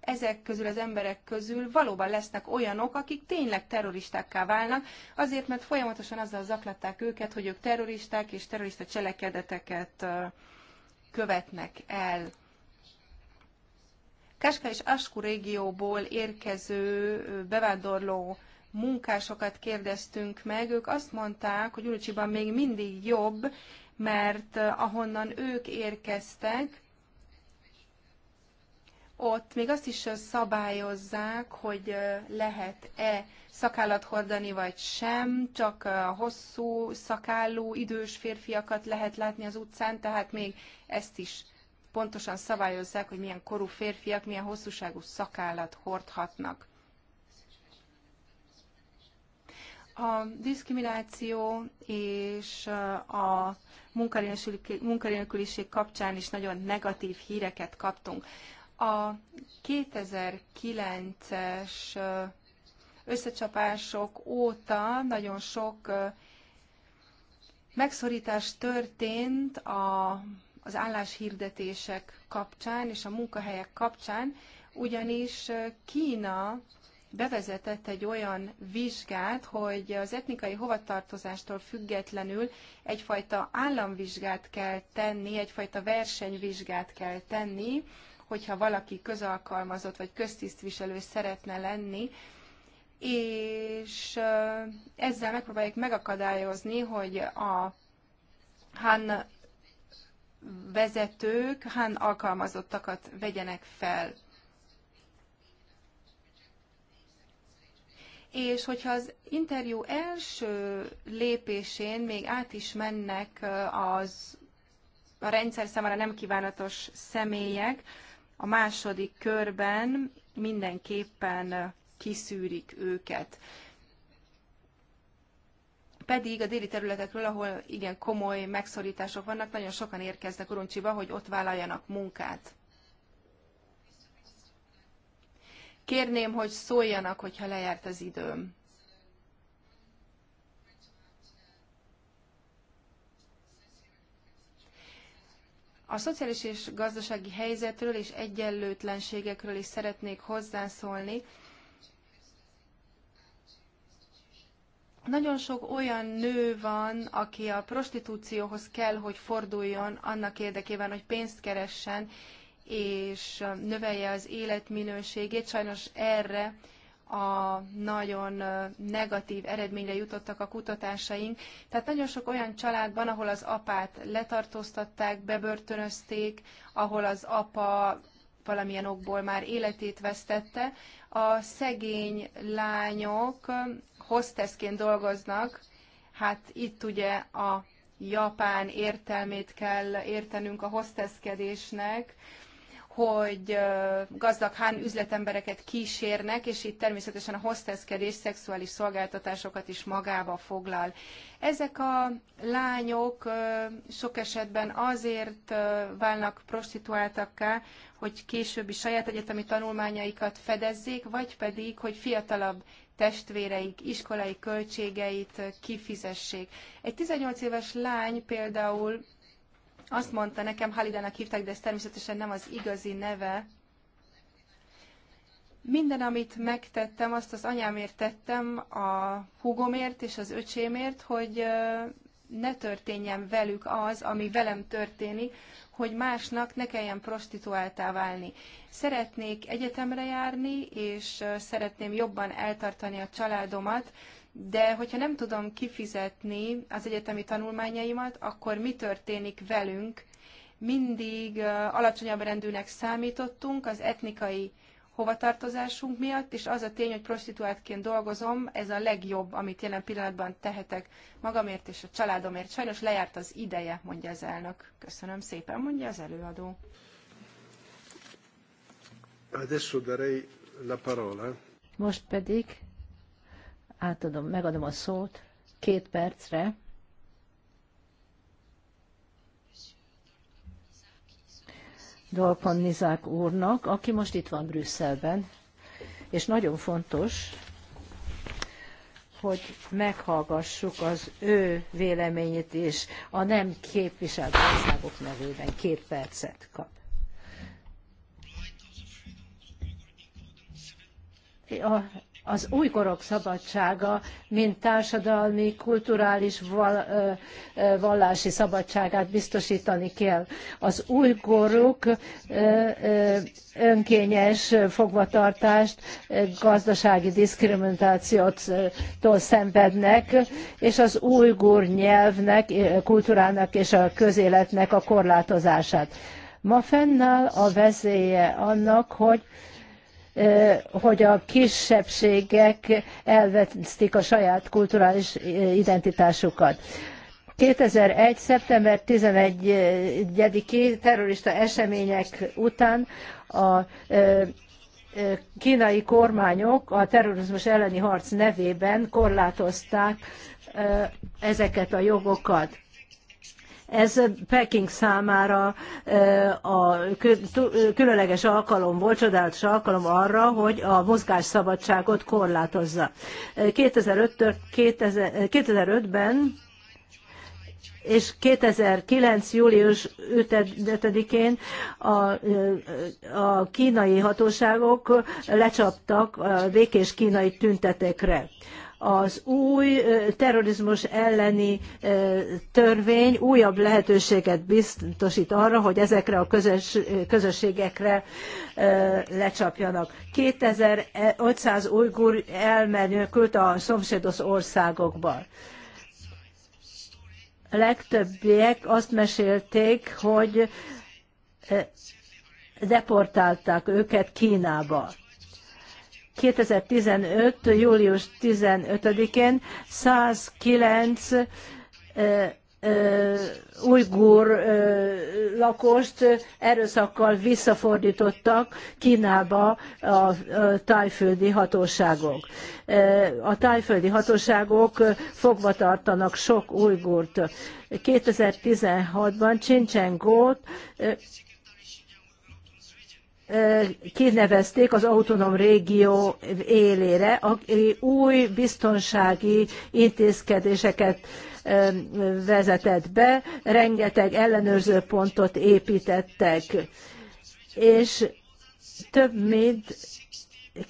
ezek közül, az emberek közül valóban lesznek olyanok, akik tényleg terroristákká válnak, azért, mert folyamatosan azzal zaklatták őket, hogy ők terroristák és terrorista cselekedeteket követnek el. Káska és Asku régióból érkező bevándorló munkásokat kérdeztünk meg, ők azt mondták, hogy Urucsiban még mindig jobb, mert ahonnan ők érkeztek, ott még azt is szabályozzák, hogy lehet-e szakállat hordani, vagy sem, csak a hosszú, szakállú, idős férfiakat lehet látni az utcán, tehát még ezt is pontosan szabályozzák, hogy milyen korú férfiak milyen hosszúságú szakállat hordhatnak. A diszkrimináció és a munkanélküliség kapcsán is nagyon negatív híreket kaptunk. A 2009-es összecsapások óta nagyon sok megszorítás történt a az álláshirdetések kapcsán és a munkahelyek kapcsán, ugyanis Kína bevezetett egy olyan vizsgát, hogy az etnikai hovatartozástól függetlenül egyfajta államvizsgát kell tenni, egyfajta versenyvizsgát kell tenni, hogyha valaki közalkalmazott vagy köztisztviselő szeretne lenni, és ezzel megpróbálják megakadályozni, hogy a Han vezetők hán alkalmazottakat vegyenek fel. És hogyha az interjú első lépésén még át is mennek az a rendszer számára nem kívánatos személyek, a második körben mindenképpen kiszűrik őket pedig a déli területekről, ahol igen komoly megszorítások vannak, nagyon sokan érkeznek Uruncsiba, hogy ott vállaljanak munkát. Kérném, hogy szóljanak, hogyha lejárt az időm. A szociális és gazdasági helyzetről és egyenlőtlenségekről is szeretnék hozzászólni Nagyon sok olyan nő van, aki a prostitúcióhoz kell, hogy forduljon annak érdekében, hogy pénzt keressen, és növelje az életminőségét. Sajnos erre a nagyon negatív eredményre jutottak a kutatásaink. Tehát nagyon sok olyan családban, ahol az apát letartóztatták, bebörtönözték, ahol az apa valamilyen okból már életét vesztette, a szegény lányok hostessként dolgoznak, hát itt ugye a japán értelmét kell értenünk a hostesskedésnek, hogy gazdag hán üzletembereket kísérnek, és itt természetesen a hostesskedés szexuális szolgáltatásokat is magába foglal. Ezek a lányok sok esetben azért válnak prostituáltakká, hogy későbbi saját egyetemi tanulmányaikat fedezzék, vagy pedig, hogy fiatalabb testvéreik iskolai költségeit kifizessék. Egy 18 éves lány például azt mondta nekem, Halidának hívták, de ez természetesen nem az igazi neve, minden, amit megtettem, azt az anyámért tettem, a húgomért és az öcsémért, hogy ne történjen velük az, ami velem történik, hogy másnak ne kelljen prostituáltá válni. Szeretnék egyetemre járni, és szeretném jobban eltartani a családomat, de hogyha nem tudom kifizetni az egyetemi tanulmányaimat, akkor mi történik velünk? Mindig alacsonyabb rendűnek számítottunk, az etnikai hovatartozásunk miatt, és az a tény, hogy prostituáltként dolgozom, ez a legjobb, amit jelen pillanatban tehetek magamért és a családomért. Sajnos lejárt az ideje, mondja az elnök. Köszönöm szépen, mondja az előadó. Adesso darei la parola. Most pedig átadom, megadom a szót két percre Dalpan Nizák úrnak, aki most itt van Brüsszelben, és nagyon fontos, hogy meghallgassuk az ő véleményét és a nem képviselt országok nevében két percet kap. A az újkorok szabadsága, mint társadalmi, kulturális, vallási szabadságát biztosítani kell. Az újkorok önkényes fogvatartást, gazdasági diszkriminációtól szenvednek, és az újgur nyelvnek, kultúrának és a közéletnek a korlátozását. Ma fennáll a veszélye annak, hogy hogy a kisebbségek elvesztik a saját kulturális identitásukat. 2001. szeptember 11-i terrorista események után a kínai kormányok a terrorizmus elleni harc nevében korlátozták ezeket a jogokat. Ez Peking számára a különleges alkalom volt, csodálatos alkalom arra, hogy a mozgásszabadságot korlátozza. 2005-ben és 2009. július 5-én a, a kínai hatóságok lecsaptak a békés kínai tüntetekre az új terrorizmus elleni törvény újabb lehetőséget biztosít arra, hogy ezekre a közös, közösségekre lecsapjanak. 2500 ujgur elmenekült a szomszédos országokba. legtöbbiek azt mesélték, hogy deportálták őket Kínába 2015. július 15-én 109 ujgur lakost erőszakkal visszafordítottak Kínába a tájföldi hatóságok. A tájföldi hatóságok fogva tartanak sok ujgurt. 2016-ban Csincsen kinevezték az autonóm régió élére, aki új biztonsági intézkedéseket vezetett be, rengeteg ellenőrző pontot építettek, és több mint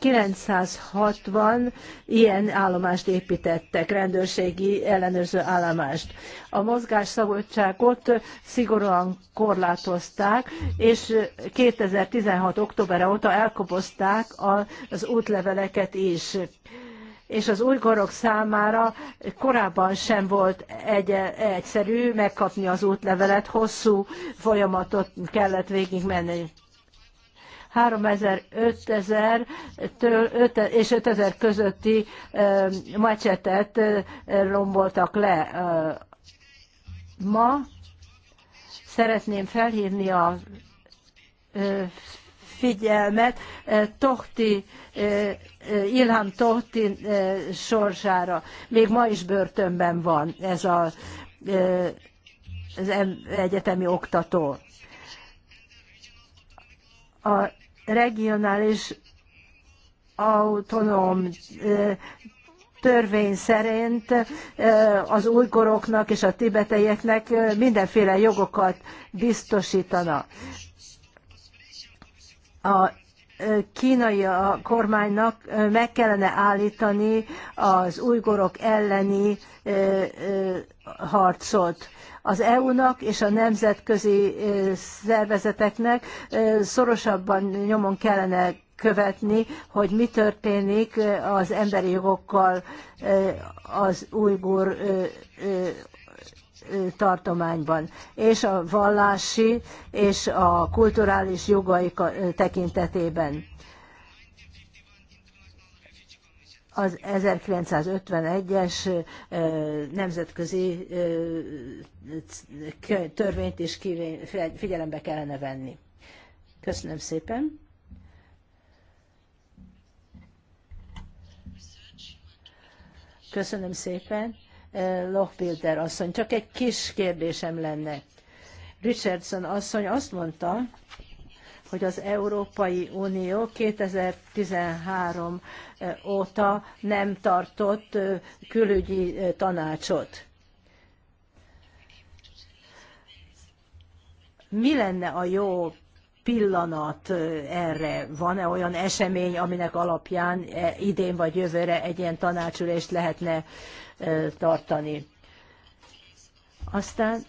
960 ilyen állomást építettek, rendőrségi ellenőrző állomást. A mozgásszabadságot szigorúan korlátozták, és 2016. október óta elkobozták az útleveleket is és az ujgorok számára korábban sem volt egy, egyszerű megkapni az útlevelet, hosszú folyamatot kellett végigmenni. 3000 5000 és 5000 közötti macsetet lomboltak le. Ma szeretném felhívni a figyelmet Tohti, Ilham Tohti sorsára. Még ma is börtönben van ez a, az egyetemi oktató. A regionális autonóm törvény szerint az újkoroknak és a tibeteieknek mindenféle jogokat biztosítana. A kínai a kormánynak meg kellene állítani az újgorok elleni harcot. Az EU-nak és a nemzetközi szervezeteknek szorosabban nyomon kellene követni, hogy mi történik az emberi jogokkal az ujgur tartományban, és a vallási és a kulturális jogaik tekintetében. az 1951-es nemzetközi törvényt is figyelembe kellene venni. Köszönöm szépen. Köszönöm szépen. Lochbilder asszony, csak egy kis kérdésem lenne. Richardson asszony azt mondta, hogy az Európai Unió 2013 eh, óta nem tartott eh, külügyi eh, tanácsot. Mi lenne a jó pillanat erre? Van-e olyan esemény, aminek alapján idén vagy jövőre egy ilyen tanácsülést lehetne tartani? Aztán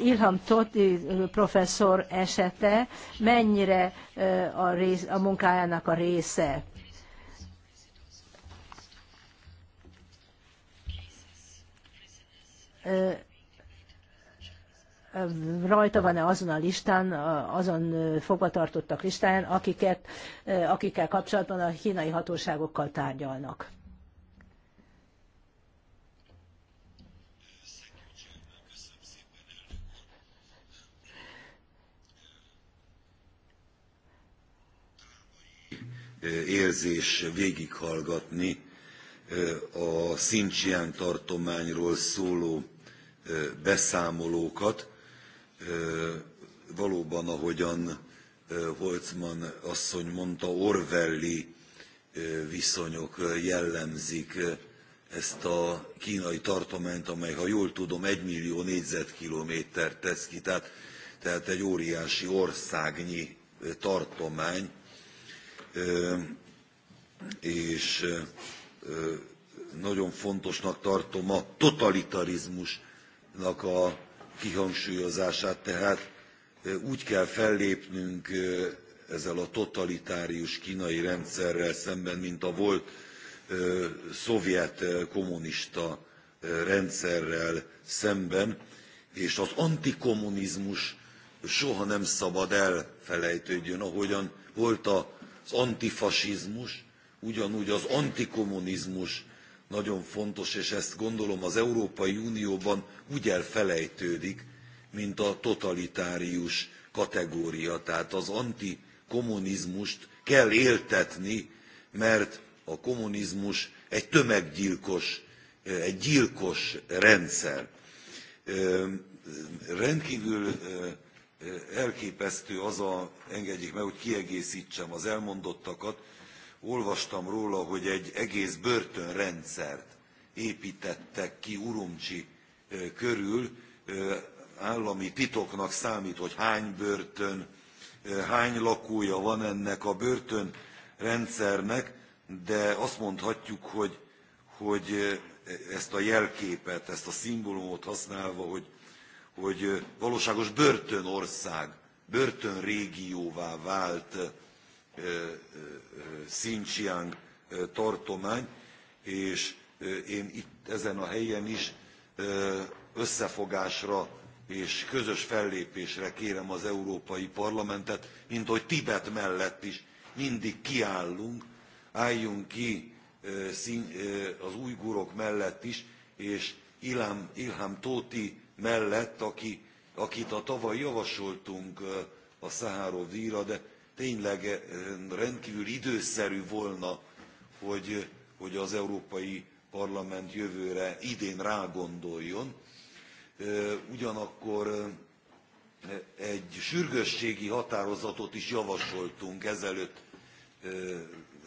Ilham Toti professzor esete mennyire a, rész, a munkájának a része. rajta van-e azon a listán, azon fogvatartottak listáján, akiket, akikkel kapcsolatban a kínai hatóságokkal tárgyalnak. érzés végighallgatni a Szincsián tartományról szóló beszámolókat. Valóban, ahogyan Holzmann asszony mondta, Orwelli viszonyok jellemzik ezt a kínai tartományt, amely, ha jól tudom, egy millió négyzetkilométert tesz ki, tehát, tehát egy óriási országnyi tartomány, és nagyon fontosnak tartom a totalitarizmusnak a kihangsúlyozását, tehát úgy kell fellépnünk ezzel a totalitárius kínai rendszerrel szemben, mint a volt szovjet kommunista rendszerrel szemben, és az antikommunizmus soha nem szabad elfelejtődjön, ahogyan volt a az antifasizmus, ugyanúgy az antikommunizmus nagyon fontos, és ezt gondolom az Európai Unióban úgy elfelejtődik, mint a totalitárius kategória. Tehát az antikommunizmust kell éltetni, mert a kommunizmus egy tömeggyilkos, egy gyilkos rendszer. Rendkívül elképesztő az a, engedjék meg, hogy kiegészítsem az elmondottakat, olvastam róla, hogy egy egész börtönrendszert építettek ki Urumcsi körül, állami titoknak számít, hogy hány börtön, hány lakója van ennek a börtönrendszernek, de azt mondhatjuk, hogy, hogy ezt a jelképet, ezt a szimbólumot használva, hogy hogy valóságos börtönország, börtönrégióvá vált Xinjiang tartomány, és én itt ezen a helyen is összefogásra és közös fellépésre kérem az Európai Parlamentet, mint hogy Tibet mellett is mindig kiállunk, álljunk ki az újgurok mellett is, és Ilham, Ilham Tóti mellett, aki, akit a tavaly javasoltunk a szaharov djra de tényleg rendkívül időszerű volna, hogy, hogy az Európai Parlament jövőre idén rágondoljon. Ugyanakkor egy sürgősségi határozatot is javasoltunk ezelőtt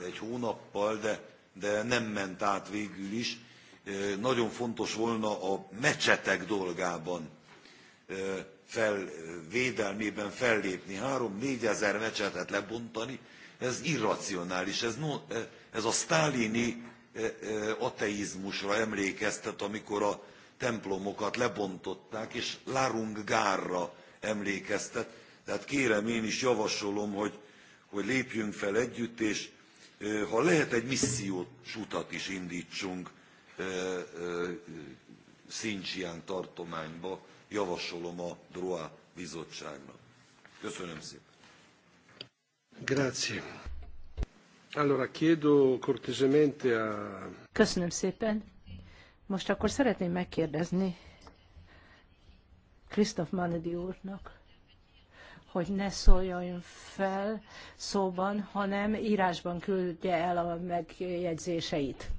egy hónappal, de, de nem ment át végül is nagyon fontos volna a mecsetek dolgában védelmében fellépni. Három, négyezer mecsetet lebontani, ez irracionális, ez, no, ez a sztálini ateizmusra emlékeztet, amikor a templomokat lebontották, és Larung Gárra emlékeztet. Tehát kérem, én is javasolom, hogy, hogy lépjünk fel együtt, és ha lehet, egy missziós utat is indítsunk Xinjiang tartományba javasolom a DROA bizottságnak. Köszönöm szépen. Grazie. Allora chiedo cortesemente a... Köszönöm szépen. Most akkor szeretném megkérdezni Krisztof Manedi úrnak, hogy ne szóljon fel szóban, hanem írásban küldje el a megjegyzéseit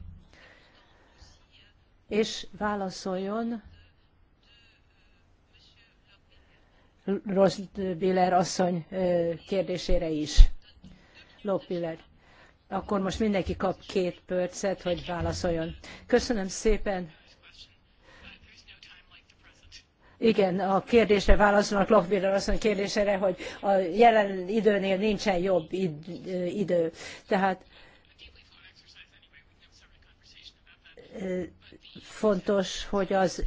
és válaszoljon Rost Biller asszony kérdésére is. Lopiller. Akkor most mindenki kap két percet, hogy válaszoljon. Köszönöm szépen. Igen, a kérdésre válaszolnak Lochbiller asszony kérdésére, hogy a jelen időnél nincsen jobb idő. Tehát fontos, hogy az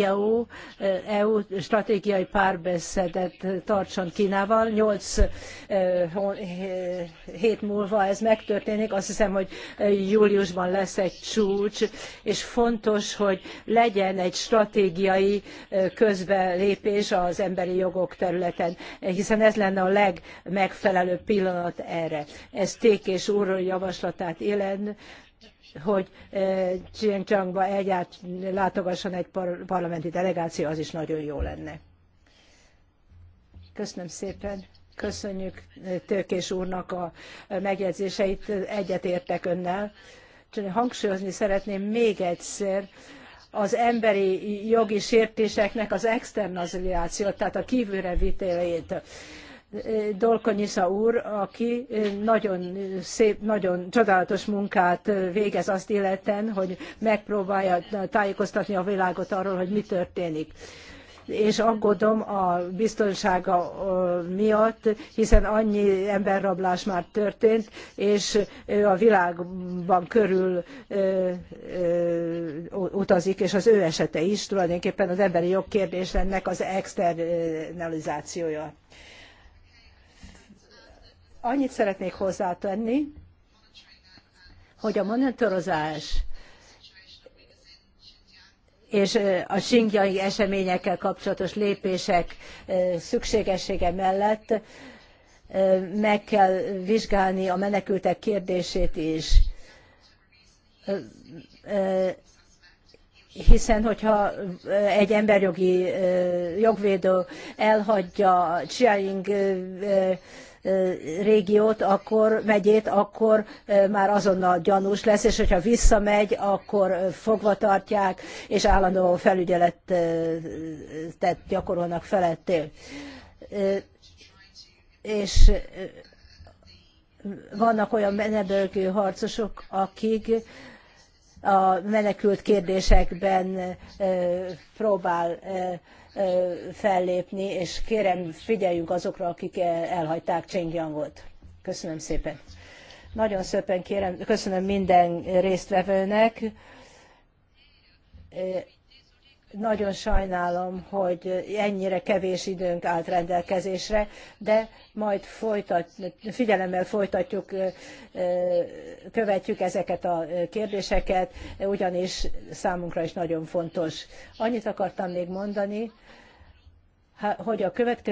EU, EU eh, e stratégiai párbeszédet tartson Kínával. Nyolc eh, hét múlva ez megtörténik. Azt hiszem, hogy eh, júliusban lesz egy csúcs, és fontos, hogy legyen egy stratégiai közbelépés az emberi jogok területen, hiszen ez lenne a legmegfelelőbb pillanat erre. Ez Tékés úr javaslatát élen hogy e, Xinjiangba egyált látogasson egy parlamenti delegáció, az is nagyon jó lenne. Köszönöm szépen. Köszönjük e, Tőkés úrnak a megjegyzéseit, egyetértek önnel. Hangsúlyozni szeretném még egyszer az emberi jogi sértéseknek az externalizációt, tehát a kívülre vitelét Dolkonyisza úr, aki nagyon szép, nagyon csodálatos munkát végez azt illeten, hogy megpróbálja tájékoztatni a világot arról, hogy mi történik és aggódom a biztonsága miatt, hiszen annyi emberrablás már történt, és ő a világban körül utazik, és az ő esete is tulajdonképpen az emberi jog kérdésnek az externalizációja. Annyit szeretnék hozzátenni, hogy a monitorozás és a xinjiangi eseményekkel kapcsolatos lépések szükségessége mellett meg kell vizsgálni a menekültek kérdését is hiszen hogyha egy emberjogi jogvédő elhagyja Chiang régiót, akkor megyét, akkor már azonnal gyanús lesz, és hogyha visszamegy, akkor fogva tartják, és állandó felügyeletet gyakorolnak felettél. És vannak olyan menebölgő harcosok, akik a menekült kérdésekben próbál fellépni, és kérem figyeljünk azokra, akik elhagyták Csengyangot. Köszönöm szépen. Nagyon szépen kérem, köszönöm minden résztvevőnek nagyon sajnálom, hogy ennyire kevés időnk állt rendelkezésre, de majd folytat, figyelemmel folytatjuk, követjük ezeket a kérdéseket, ugyanis számunkra is nagyon fontos. Annyit akartam még mondani, hogy a következő